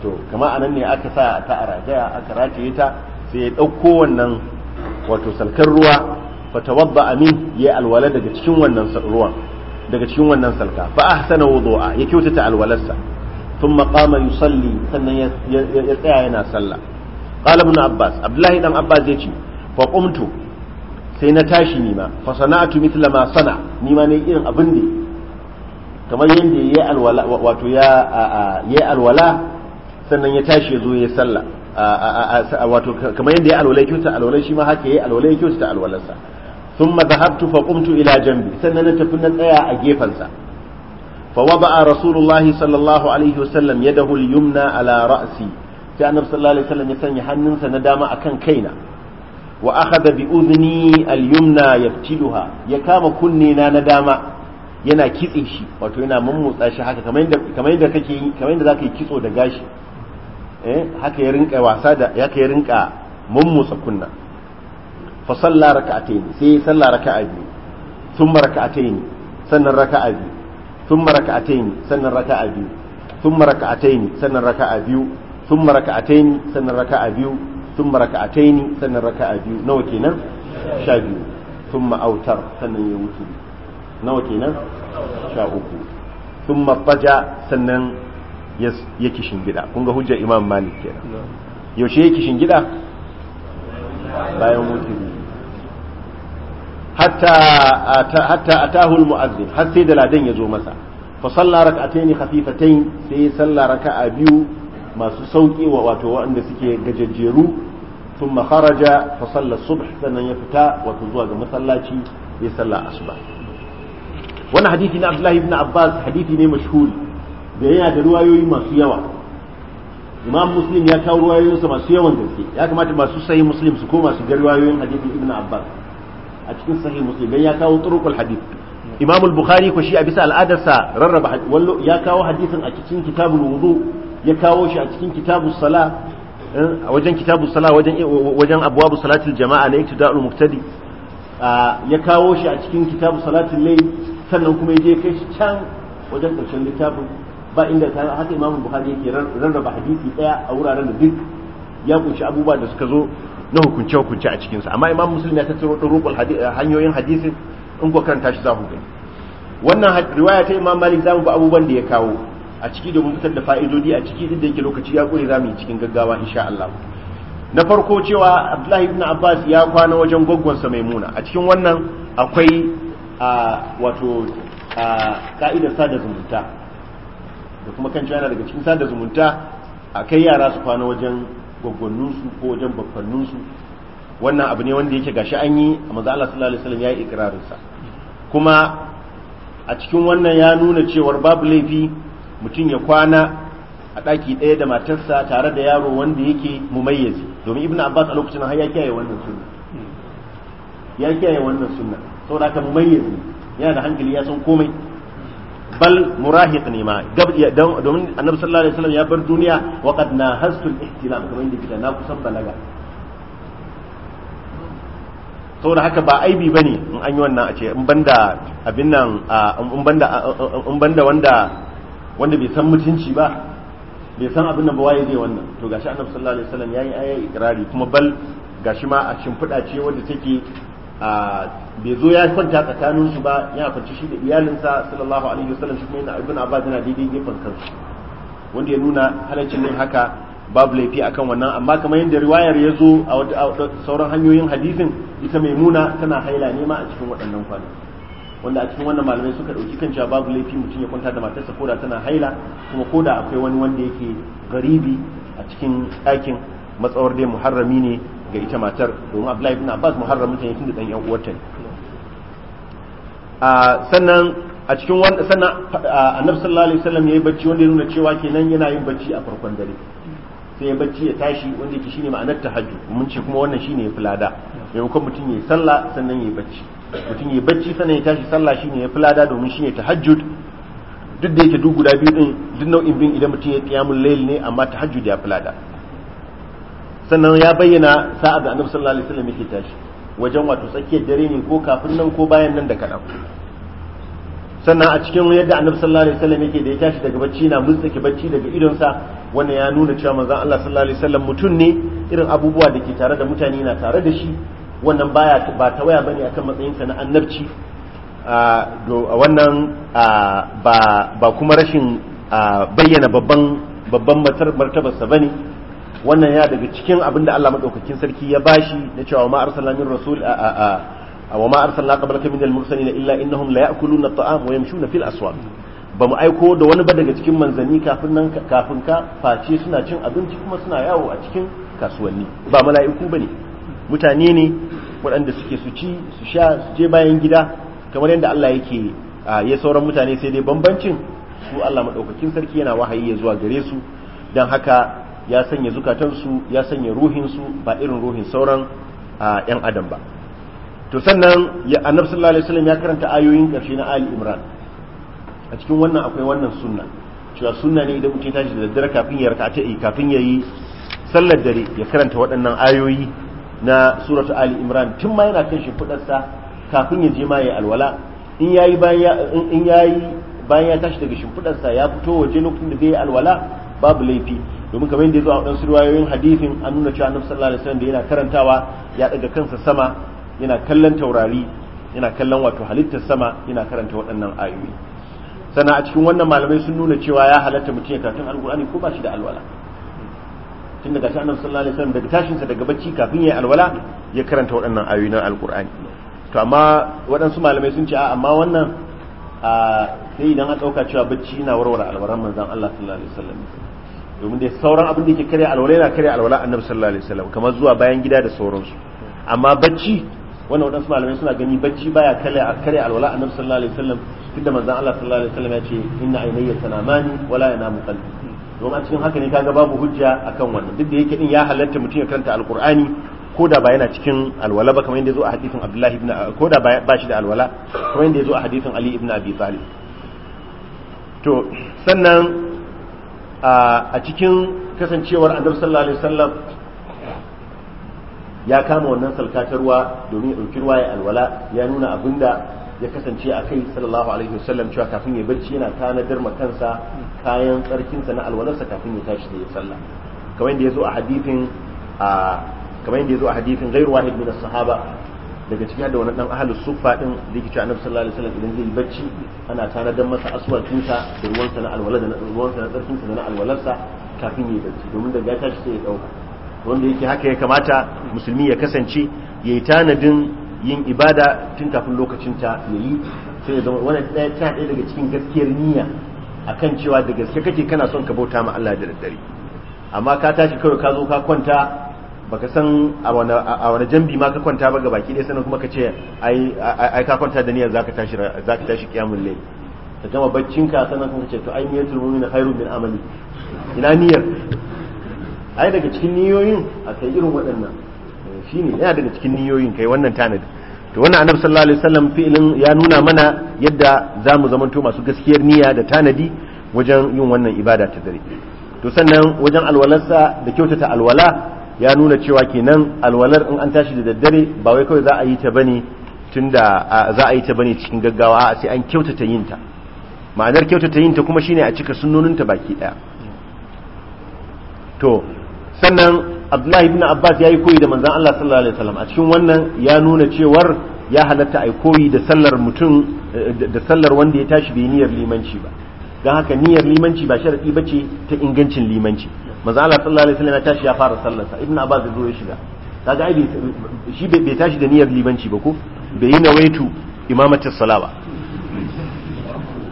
to kama anan ne aka sa ta a ragaya aka rataye ta sai ya dauko wannan wato salkar ruwa fatawadda amin ya alwala daga cikin wannan ruwan daga cikin wannan salka fa ahsana wudu'a ya kyautata alwalarsa thumma qama yusalli sannan ya tsaya yana sallah qala ibn abbas abdullahi dan abbas yace fa qumtu sai na tashi ni ma fa sana'atu mithla ma sana ni ma ne irin abin da kamar yanda ya alwala wato ya ya alwala sannan ya tashi ya zo ya sallah wato kamar yanda ya alwala kyauta alwala shi ma haka ya alwala kyauta alwalarsa ثم ذهبت فقمت إلى جنبي سنن تفنن أيا أجيفا فوضع رسول الله صلى الله عليه وسلم يده اليمنى على رأسي كان صلى الله عليه وسلم يسني حنن سندام أكن كينا وأخذ بأذني اليمنى يبتلها يكام كنينا نداما yana kitse shi wato yana mummutsa shi haka kamar yadda kamar yadda kake kamar yadda zaka yi kitso da gashi eh haka ya rinka wasa da ya ka rinka mummutsa kunna fa salla raka'atayn sai ya salla raka'a biyu thumma raka'atayn sannan raka'a biyu thumma raka'atayn sannan raka'a biyu thumma raka'atayn sannan raka'a biyu thumma raka'atayn sannan raka'a biyu thumma raka'atayn sannan raka'a biyu nawa kenan sha biyu thumma autar sannan ya wuce nawa kenan sha uku thumma faja sannan ya kishin gida kun ga hujjar imam malik kenan yaushe ya kishin gida bayan wuturi hatta atahu almu'adhdhin har sai da ladan ya zo masa fa salla rak'atayn khafifatayn sai ya salla raka'a biyu masu sauki wa wato waɗanda suke gajajjeru thumma kharaja fa salla subh sannan ya fita wato zuwa ga masallaci ya salla asuba wannan hadisi na Abdullahi ibn Abbas hadisi ne mashhur da yana da ruwayoyi masu yawa imam muslim ya kawo ruwayoyinsa masu yawan gaske ya kamata masu sahih muslim su koma su ga ruwayoyin hadisin ibn abbas a cikin sahih muslim ya kawo turukul hadith imam al-bukhari ko shi a bisa al'adarsa rarraba wallo ya kawo hadisin a cikin kitabul wudu ya kawo shi a cikin kitabus sala eh, a wajen kitabus sala wajen wajen abwabu salatul jama'a na iktida'ul muqtadi ya kawo shi a cikin kitabu salatul layl sannan kuma je kai shi can wajen karshen littafin ba inda ta haka imam bukhari yake rarraba hadisi daya a wuraren da duk ya kunshi abubuwa da suka zo na hukunce hukunce a cikinsa amma imam Musulmi ya tattaro ɗurubul eh, hanyoyin hadisin in ko karanta shi za ku gani wannan riwaya ta imam malik zamu mu ba abubuwan da ya kawo a ciki domin fitar da fa'idodi a ciki duk da yake lokaci ya ƙure za yi cikin gaggawa insha Allah na farko cewa abdullahi ibn abbas ya kwana wajen gwaggwansa maimuna a cikin wannan akwai wato ka'idar sada zumunta da kuma kan yana daga cikin sada zumunta akai yara su kwana wajen gwaggwannunsu ko wajen bakwanninsu wannan abu ne wanda yake gashi an yi a maza Allah sallallahu alaihi wasallam ya yi ikirarinsa kuma a cikin wannan ya nuna cewar babu laifi mutum ya kwana a ɗaki ɗaya da matarsa tare da yaro wanda yake mumayyazi domin ibn abbas a lokacin har ya kiyaye wannan sunna ya kiyaye wannan sunna saboda ka mumayyazi yana da hankali ya san komai bal murahiq ne ma domin annabi sallallahu alaihi wasallam ya bar duniya wa qad nahastu al-ihtilam kamar inda kita na kusan balaga saboda haka ba aibi bane in an yi wannan a ce in banda abin nan in banda in banda wanda wanda bai san mutunci ba bai san abin nan ba waye zai wannan to gashi annabi sallallahu alaihi wasallam yayi ayi ikrari kuma bal gashi ma a shimfida ce wanda take bai zo ya kwanta tsakanin su ba yana kwanci shi da iyalinsa sallallahu alaihi wasallam shi kuma yana ibn abbas yana daidai gefen kansu wanda ya nuna halaccin yin haka babu laifi akan wannan amma kamar yadda riwayar ya zo a sauran hanyoyin hadisin ita mai muna tana haila ne ma a cikin waɗannan kwanu wanda a cikin wannan malamai suka ɗauki kan cewa babu laifi mutum ya kwanta da matarsa ko da tana haila kuma ko da akwai wani wanda yake garibi a cikin ɗakin matsawar dai muharrami ne ga ita matar domin abdullahi ibn abbas muharramin ta tun da ɗan yan uwarta ne sannan a cikin wanda sannan annabi sallallahu alaihi wasallam yayi bacci wanda ya nuna cewa kenan yana yin bacci a farkon dare sai ya bacci ya tashi wanda yake shine ma'anar tahajjud mun ce kuma wannan shine fulada maimakon mutum yayi sallah sannan yayi bacci mutum yayi bacci sannan ya tashi sallah shine ya fulada domin shine tahajjud duk da yake duk guda biyu din duk nau'in bin idan mutum ya qiyamul layl ne amma tahajjud ya fulada sannan ya bayyana sa'a da annabi sallallahu alaihi wasallam yake tashi wajen wato tsakiyar dare ne ko kafin nan ko bayan nan da kaɗan sannan a cikin yadda annabi sallallahu alaihi wasallam yake da ya tashi daga bacci na mutsake bacci daga idonsa wanda ya nuna cewa manzon Allah sallallahu alaihi wasallam mutum ne irin abubuwa da ke tare da mutane na tare da shi wannan baya ba ta waya bane akan matsayinsa na annabci a wannan ba ba kuma rashin bayyana babban babban martabarsa bane wannan ya daga cikin abinda da Allah madaukakin sarki ya bashi na cewa ma arsalna min rasul a a a wa ma arsalna qablaka min al-mursalin illa innahum la ya'kuluna at-ta'am wa yamshuna fil aswaq ba mu aiko da wani ba daga cikin manzanni kafin nan kafin ka face suna cin abinci kuma suna yawo a cikin kasuwanni ba mala'iku bane mutane ne waɗanda suke su ci su sha su je bayan gida kamar yadda Allah yake ya sauran mutane sai dai bambancin su Allah madaukakin sarki yana wahayi ya zuwa gare su dan haka ya sanya zukatansu ya sanya ruhinsu ba irin ruhin sauran a yan adam ba to sannan ya annabi sallallahu alaihi wasallam ya karanta ayoyin karshe na ali imran a cikin wannan akwai wannan sunna cewa sunna ne idan mutum ya tashi da daddare kafin ya raka kafin ya sallar dare ya karanta waɗannan ayoyi na suratu ali imran tun ma yana kan shimfiɗarsa kafin ya je ma ya alwala in yayi bayan in yayi bayan ya tashi daga shimfiɗarsa ya fito waje lokacin da zai yi alwala babu laifi domin kamar yadda ya zo a wadansu riwayoyin hadithin an nuna cewa annabi sallallahu alaihi wasallam da yana karantawa ya daga kansa sama yana kallon taurari yana kallon wato halittar sama yana karanta waɗannan ayoyi sana a cikin wannan malamai sun nuna cewa ya halatta mutum ya karatun alkur'ani ko ba shi da alwala tun daga shi annabi sallallahu alaihi wasallam daga tashinsa daga bacci kafin ya yi alwala ya karanta waɗannan ayoyi na alkur'ani to amma waɗansu malamai sun ce a amma wannan sai idan an ɗauka cewa bacci yana warware alwaran manzon Allah sallallahu alaihi wasallam domin da sauran abin da yake karya alwala yana karya alwala annabi sallallahu alaihi wasallam kamar zuwa bayan gida da sauransu amma bacci wannan wadansu malamai suna gani bacci baya karya kare alwala annabi sallallahu alaihi wasallam tunda manzon Allah sallallahu alaihi wasallam ya ce inna aynayya tanamani wala yanamu qalbi don a cikin haka ne kaga babu hujja akan wannan duk da yake din ya halatta mutum ya karanta alqur'ani ko da ba yana cikin alwala ba kamar yadda zo a hadisin Abdullahi ibn ko da ba shi da alwala kamar yadda zo a hadisin Ali ibn Abi Talib to sannan a cikin kasancewar annabi sallallahu alaihi wasallam ya kama wannan salkatar ruwa domin ya ɗauki ruwa ya alwala ya nuna abinda ya kasance a kai sallallahu alaihi wasallam cewa kafin ya barci yana tanadar ma kansa kayan tsarkinsa na alwalarsa kafin ya tashi da ya sallah kamar yadda ya zo a hadithin a kamar yadda ya zo a hadithin ghairu wahid min as-sahaba daga cikin da wani dan ahalus suffa din da yake cewa annabi sallallahu alaihi wasallam idan zai bacci ana don masa aswakinsa da ruwansa na da ruwansa na tsarkinsa da na alwalarsa kafin yi bacci domin daga ya tashi sai ya dauka wanda yake haka ya kamata musulmi ya kasance yayi tanadin yin ibada tun kafin lokacin ta yi sai ya zama wani daya ta daya daga cikin gaskiyar niyya akan cewa da gaske kake kana son ka bauta ma Allah da daddare amma ka tashi kawai ka zo ka kwanta baka san a wani jambi ma ka kwanta ba baki dai sannan kuma ka ce ai ka kwanta da niyyar zaka tashi zaka tashi kiyamul layl ka gama baccin ka sannan kuma ka ce to ai niyyatul mu'mini khairun min amali ina niyyar ai daga cikin niyoyin akai irin waɗannan eh, shine yana daga cikin niyoyin kai wannan tanadi to wannan annabi sallallahu alaihi wasallam fi'ilin ya nuna mana yadda zamu to masu gaskiyar niyya da tanadi wajen yin wannan ibada ta dare to sannan wajen alwalarsa da kyautata alwala ya nuna cewa kenan alwalar in an tashi da daddare ba wai kawai za a yi ta bane tunda za a yi ta bane cikin gaggawa a sai an kyautata yin ta ma'anar kyautata yin ta kuma shine a cika sunnonin ta baki daya to sannan Abdullahi ibn Abbas yayi koyi da manzon Allah sallallahu alaihi wasallam a cikin wannan ya nuna cewar ya halatta ai koyi da sallar mutum eh, da sallar wanda ya tashi bai niyyar limanci ba don haka niyyar limanci ba sharadi ce ta ingancin limanci manzo Allah sallallahu alaihi wasallam ya tashi ya fara sallarsa ibnu abbas zo ya shiga kaga ai shi bai tashi da niyyar limanci ba ko bai yi nawaitu imamatu sala ba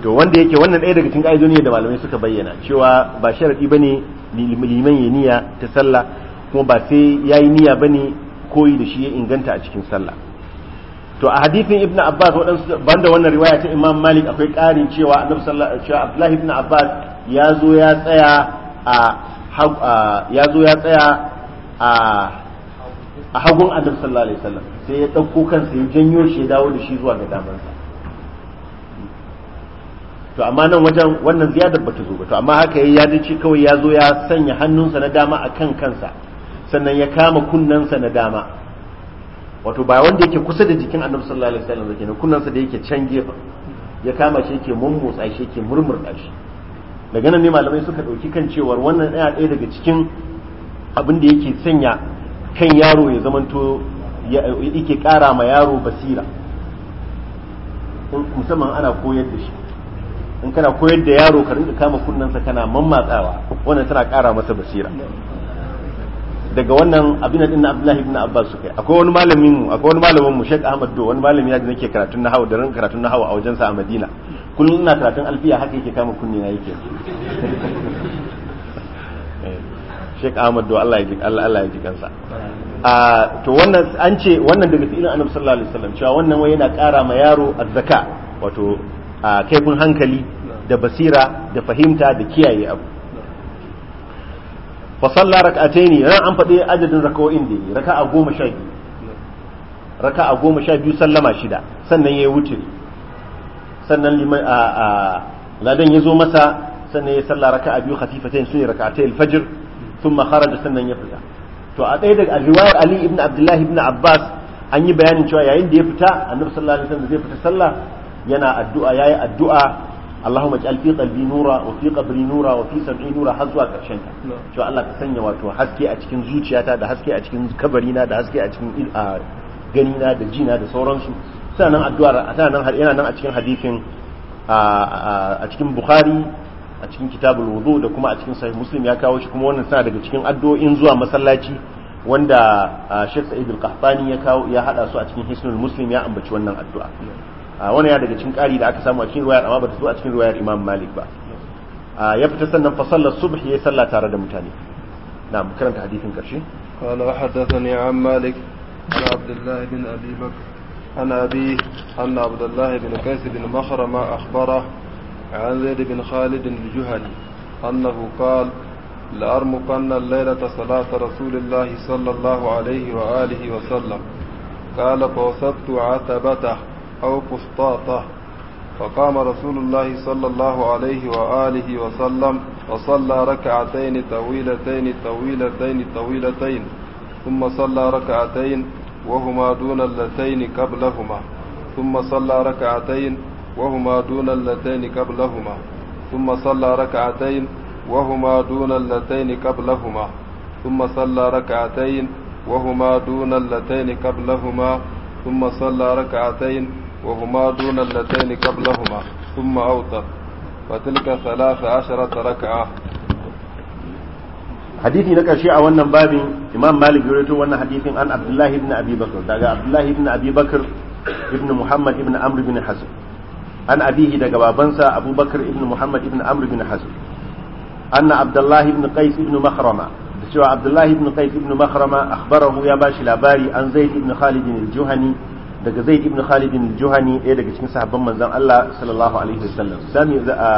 to wanda yake wannan ɗaya daga cikin ƙa'idodi da malamai suka bayyana cewa ba sharadi bane liman ya niyya ta sallah kuma ba sai yayi niyya bane koyi da shi ya inganta a cikin sallah to a hadithin ibn abbas waɗansu banda wannan riwaya ta imam malik akwai ƙarin cewa annabi sallallahu alaihi wasallam abdullahi ibn abbas ya zo ya tsaya a ya zo ya tsaya a a hagun sai ya ɗauko kansa ya janyo shi ya dawo da shi zuwa ga damansa to amma nan wajen wannan ziyadar bata zo ba to amma haka yayi ya dace kawai ya zo ya sanya hannunsa na dama akan kansa sannan ya kama kunnensa na dama wato ba wanda yake kusa da jikin annabi sallallahu alaihi wasallam kenan kunnansa da yake can gefen ya kama shi yake mummutsa shi yake murmurda shi daga nan ne malamai suka ɗauki kan cewar wannan ɗaya ɗaya daga cikin abin da yake sanya kan yaro ya zamanto yake ƙara ma yaro basira musamman ana koyar da shi in kana koyar da yaro ka rinka kama kunnansa kana mammatsawa wannan tana ƙara masa basira daga wannan abin da na Abdullahi ibn Abbas suka yi akwai wani malamin mu akwai wani malamin mu Sheikh Ahmad Do wani malami ya da nake karatun nahawu da ran karatun nahawu a wajensa a Madina kullum ina karatun alfiya haka yake kama kunni na yake eh, Sheikh Ahmad Do Allah ya ji Allah Allah ya ji kansa a to wannan an ce wannan daga cikin Annabi sallallahu alaihi wasallam cewa wannan wai yana ƙara ma yaro azzaka wato kaifin hankali da basira da fahimta da kiyaye abu fa salla rak'ataini ran an faɗi adadin raka'o'in da raka'a goma sha biyu raka'a goma sha biyu sallama shida sannan ya yi sannan liman a a ladan ya zo masa sannan ya salla raka'a biyu khafifatain sunni raka'atai al-fajr thumma kharaja sannan ya fita to a ɗaya daga riwayar Ali ibn Abdullah ibn Abbas an yi bayanin cewa yayin da ya fita annabi sallallahu alaihi wasallam zai fita sallah yana addu'a yayi addu'a Allahumma ij'al fi qalbi nura wa fi qabri nura wa fi sam'i nura har zuwa karshen ta to Allah ka sanya wato haske a cikin zuciyata da haske a cikin kabari na da haske a cikin gani na da jina da sauransu sannan addu'ar sannan har yana nan a cikin hadisin a cikin Bukhari a cikin kitabul wudu da kuma a cikin sahih muslim ya kawo shi kuma wannan suna daga cikin addu'o'in zuwa masallaci wanda Sheikh Sa'id al-Qahtani ya kawo ya hada su a cikin Hisnul Muslim ya ambaci wannan addu'a a ah, wani ya daga cikin ƙari da aka samu a cikin ruwayar amma ba ta zo a cikin ruwayar imam malik ba a ah, ya fita sannan fa sallar subhi ya salla tare da mutane na mu karanta hadisin karshe qala hadathani am malik an abdullah bin abi bakr an abi an bin qais bin mahrama akhbara an zaid bin khalid bin juhani annahu qala لأرمقن الليلة صلاة رسول الله صلى الله عليه وآله وسلم قال فوسبت عتبته أو قسطاطة فقام رسول الله صلى الله عليه وآله وسلم وصلى ركعتين طويلتين طويلتين طويلتين ثم صلى ركعتين وهما دون اللتين قبلهما ثم صلى ركعتين وهما دون اللتين قبلهما ثم صلى ركعتين وهما دون اللتين قبلهما ثم صلى ركعتين وهما دون اللتين قبلهما ثم صلى ركعتين وهما دون اللتين قبلهما ثم أوتر فتلك ثلاث عشرة ركعة حديثي نكا شيء وانا بابي إمام مالك يريتو وانا حديث عن عبد الله بن أبي بكر دقا عبد الله بن أبي بكر ابن محمد ابن عمرو بن حزم عن أبيه دقا بابنسا أبو بكر ابن محمد ابن عمرو بن حزم أن عبد الله بن قيس ابن مخرمة cewa abdullahi ibn qais ibn makhrama akhbarahu ya bashi labari an zaid ibn khalid al-juhani daga zaid ibn khalid bin juhani ɗaya daga cikin sahabban manzon Allah sallallahu alaihi wasallam zamu za a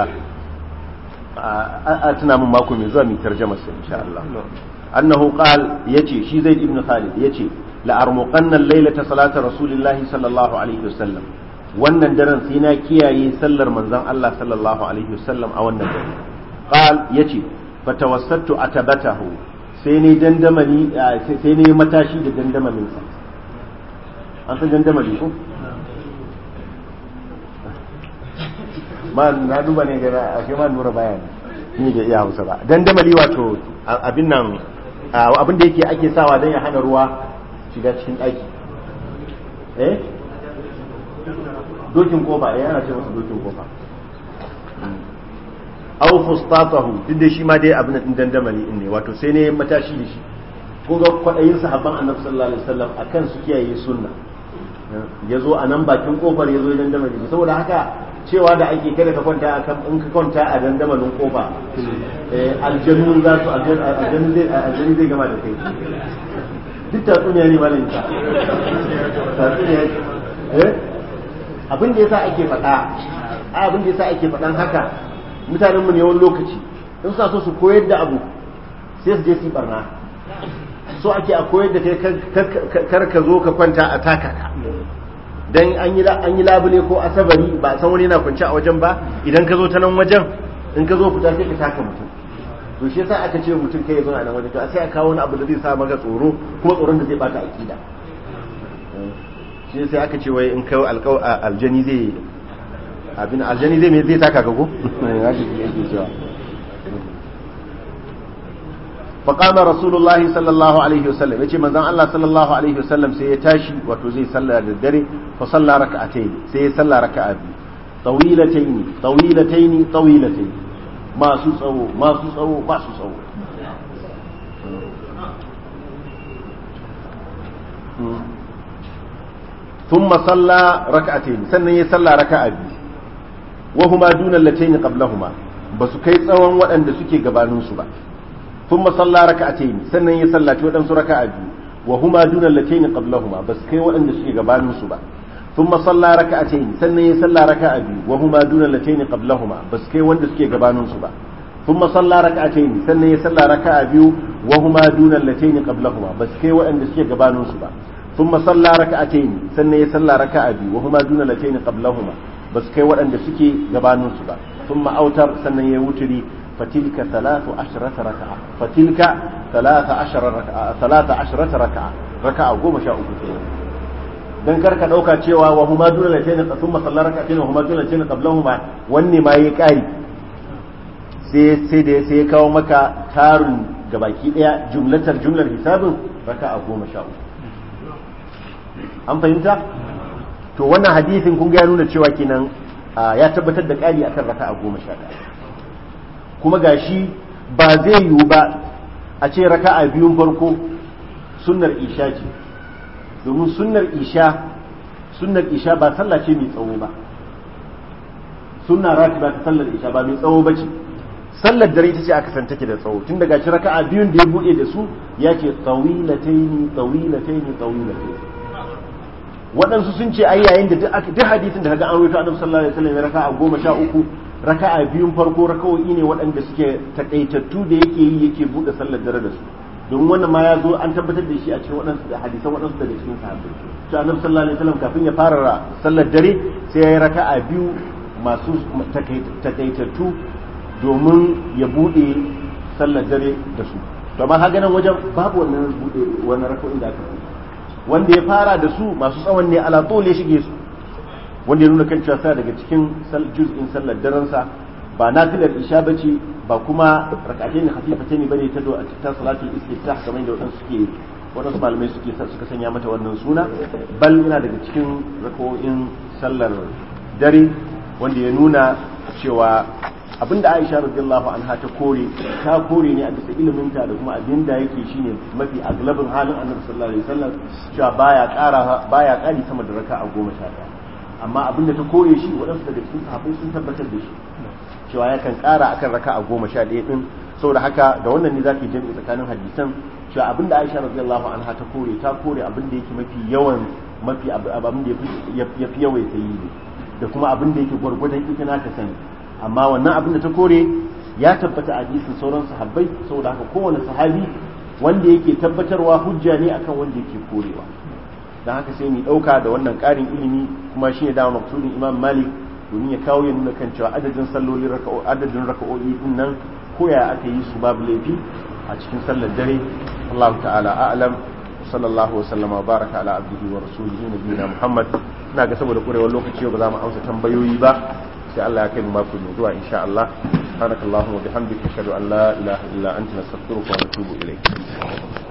a tuna mun mako mai zuwa mu tarjama sai insha Allah annahu qal yace shi zaid ibn khalid yace la armuqanna laylata salata rasulillahi sallallahu alaihi wasallam wannan daren sai na kiyaye sallar manzon Allah sallallahu alaihi wasallam a wannan dare qal yace fatawassattu atabatahu sai ne dandamani sai ne matashi da dandamamin sa an san gandamali ko ma na duba ne ga ashe ma nura baya ne ni da iya hausa ba gandamali wato abin nan abin da yake ake sawa don ya hana ruwa shiga cikin ɗaki eh dokin kofa eh ana ce masa dokin kofa hmm. aw fustatahu duk da shi ma dai abin din dandamali in ne wato sai ne matashi da shi ko ga kwadayin sahabban annabi sallallahu alaihi wasallam akan su kiyaye sunna ya zo a nan bakin kofar ya zo ya dandama jiki saboda haka cewa da ake kada ka kwanta a kan in ka kwanta a dandamalin kofa eh, aljanu za su aljanu zai gama da kai duk tatsuniya ne malin ka tatsuniya ne eh? abin da yasa ake faɗa abin da yasa ake faɗan haka mutanen mu ne wani lokaci in suna so su koyar da abu sai su je su barna so ake a koyar da kai kar ka zo ka kwanta a taka ka dan an yi labule ko asabari ba san wani yana kwance a wajen ba idan ka zo ta nan wajen in ka zo fita sai ka taka mutum to shi yasa aka ce mutum kai zo a nan wajen to sai a kawo wani abu da zai sa maka tsoro kuma tsoron da zai baka akida shi sai aka ce wai in ka alƙaw aljani zai abin aljani zai me zai taka ka ko eh, faqama rasulullahi sallallahu alaihi wasallam yace manzon Allah sallallahu alaihi wasallam sai ya tashi wato zai sallah da dare fa salla raka'atayn sai ya salla raka'a biyu tawilatayn tawilatayn tawilatayn masu tsawo masu tsawo ثم صلى ركعتين سنن يصلى ركعه biyu وهما دون اللتين قبلهما بس كاي tsawon waɗanda suke gabanin su ba thumma salla raka'atayn sannan ya sallaci wadansu raka'a biyu wa huma duna allatayn qablahuma bas kai wadanda suke gabanin su ba thumma salla raka'atayn sannan ya salla raka'a biyu wa huma duna allatayn qablahuma bas kai wanda suke gabanin su ba thumma salla raka'atayn sannan ya salla raka'a biyu wa huma duna allatayn qablahuma bas kai wadanda suke gabanin su ba thumma salla raka'atayn sannan ya salla raka'a biyu wa huma duna allatayn su ba thumma autar sannan ya فتلك ثلاث عشرة ركعة فتلك ثلاث عشرة ركعة ثلاث عشرة ركعة ركعة قوم شاء dan kar ka dauka cewa wa huma duna latayn thumma salla rak'atayn wa huma duna latayn qablahuma wanne ma yayi kari sai sai da sai kawo maka tarun gabaki daya jumlatar jumlar hisabin raka a goma sha uku. an fahimta to wannan hadisin kun ga ya nuna cewa kenan ya tabbatar da kari akan raka a goma sha ɗaya kuma gashi ba zai yiwu ba a ce raka'a biyun farko sunnar isha ce domin sunnar isha sunnar isha ba sallah ce mai tsawo ba sunna ratiba ta sallar isha ba mai tsawo bace sallar dare ita ce aka san take da tsawo tun daga raka'a biyun da ya bude da su ya ce tsawilataini tsawilataini tsawilataini waɗansu sun ce ai yayin da duk hadisin da kaga an rawaito annabi sallallahu alaihi wasallam ya raka'a goma sha uku raka'a biyun farko raka'o'i ne waɗanda suke taƙaitattu da yake yi yake buɗe sallar dare da su domin wannan ma ya zo an tabbatar da shi a cikin waɗansu da hadisan waɗansu daga cikin sahabbai to annabi sallallahu alaihi wasallam kafin ya fara sallar dare sai ya yi raka'a biyu masu taƙaitattu domin ya buɗe sallar dare da su to amma haka wajen babu wannan buɗe wannan raka'o'in da aka wanda ya fara da su masu tsawon ne ala tole shige su wanda ya nuna kan cewa daga cikin juz'in sallar daren sa ba nafilar isha ce ba kuma rak'atayn ne bane ta do a cikin salatul istiftah kamar yadda wadansu suke wadansu malamai suke suka sanya mata wannan suna bal yana daga cikin rako'in sallar dare wanda ya nuna cewa abinda Aisha radiyallahu anha ta kore ta kore ne a bisa ilimin ta da kuma abinda yake shine mafi aglabin halin Annabi sallallahu alaihi wasallam cewa baya ƙara baya ƙari sama da raka'a goma sha amma abin da ta kore shi waɗansu daga cikin sahabbai sun tabbatar da shi cewa ya kan ƙara akan raka a goma sha ɗaya ɗin saboda haka da wannan ne za ka jami'i tsakanin hadisan cewa abinda Aisha radiyallahu anha ta kore ta kore abinda yake mafi yawan mafi abin da ya fi yawai ta yi ne da kuma abinda yake gwargwadon ita na ta sani amma wannan abinda ta kore ya tabbata a hadisin sauran sahabbai saboda haka kowane sahabi wanda yake tabbatarwa hujja ne akan wanda yake korewa da haka sai mu ɗauka da wannan ƙarin ilimi kuma shi ne dama maksudin imam malik domin ya kawo ya nuna kan cewa adadin salloli adadin raka'o'i din nan ko ya aka yi su babu laifi a cikin sallar dare Allah ta'ala a'lam sallallahu wasallam wa baraka ala abdihi wa rasulihi nabiyina muhammad ina ga saboda kurewar lokaci ba za mu amsa tambayoyi ba sai Allah ya kai mu mako mai zuwa insha Allah subhanakallahumma wa bihamdika ashhadu an la ilaha illa anta astaghfiruka wa atubu ilayk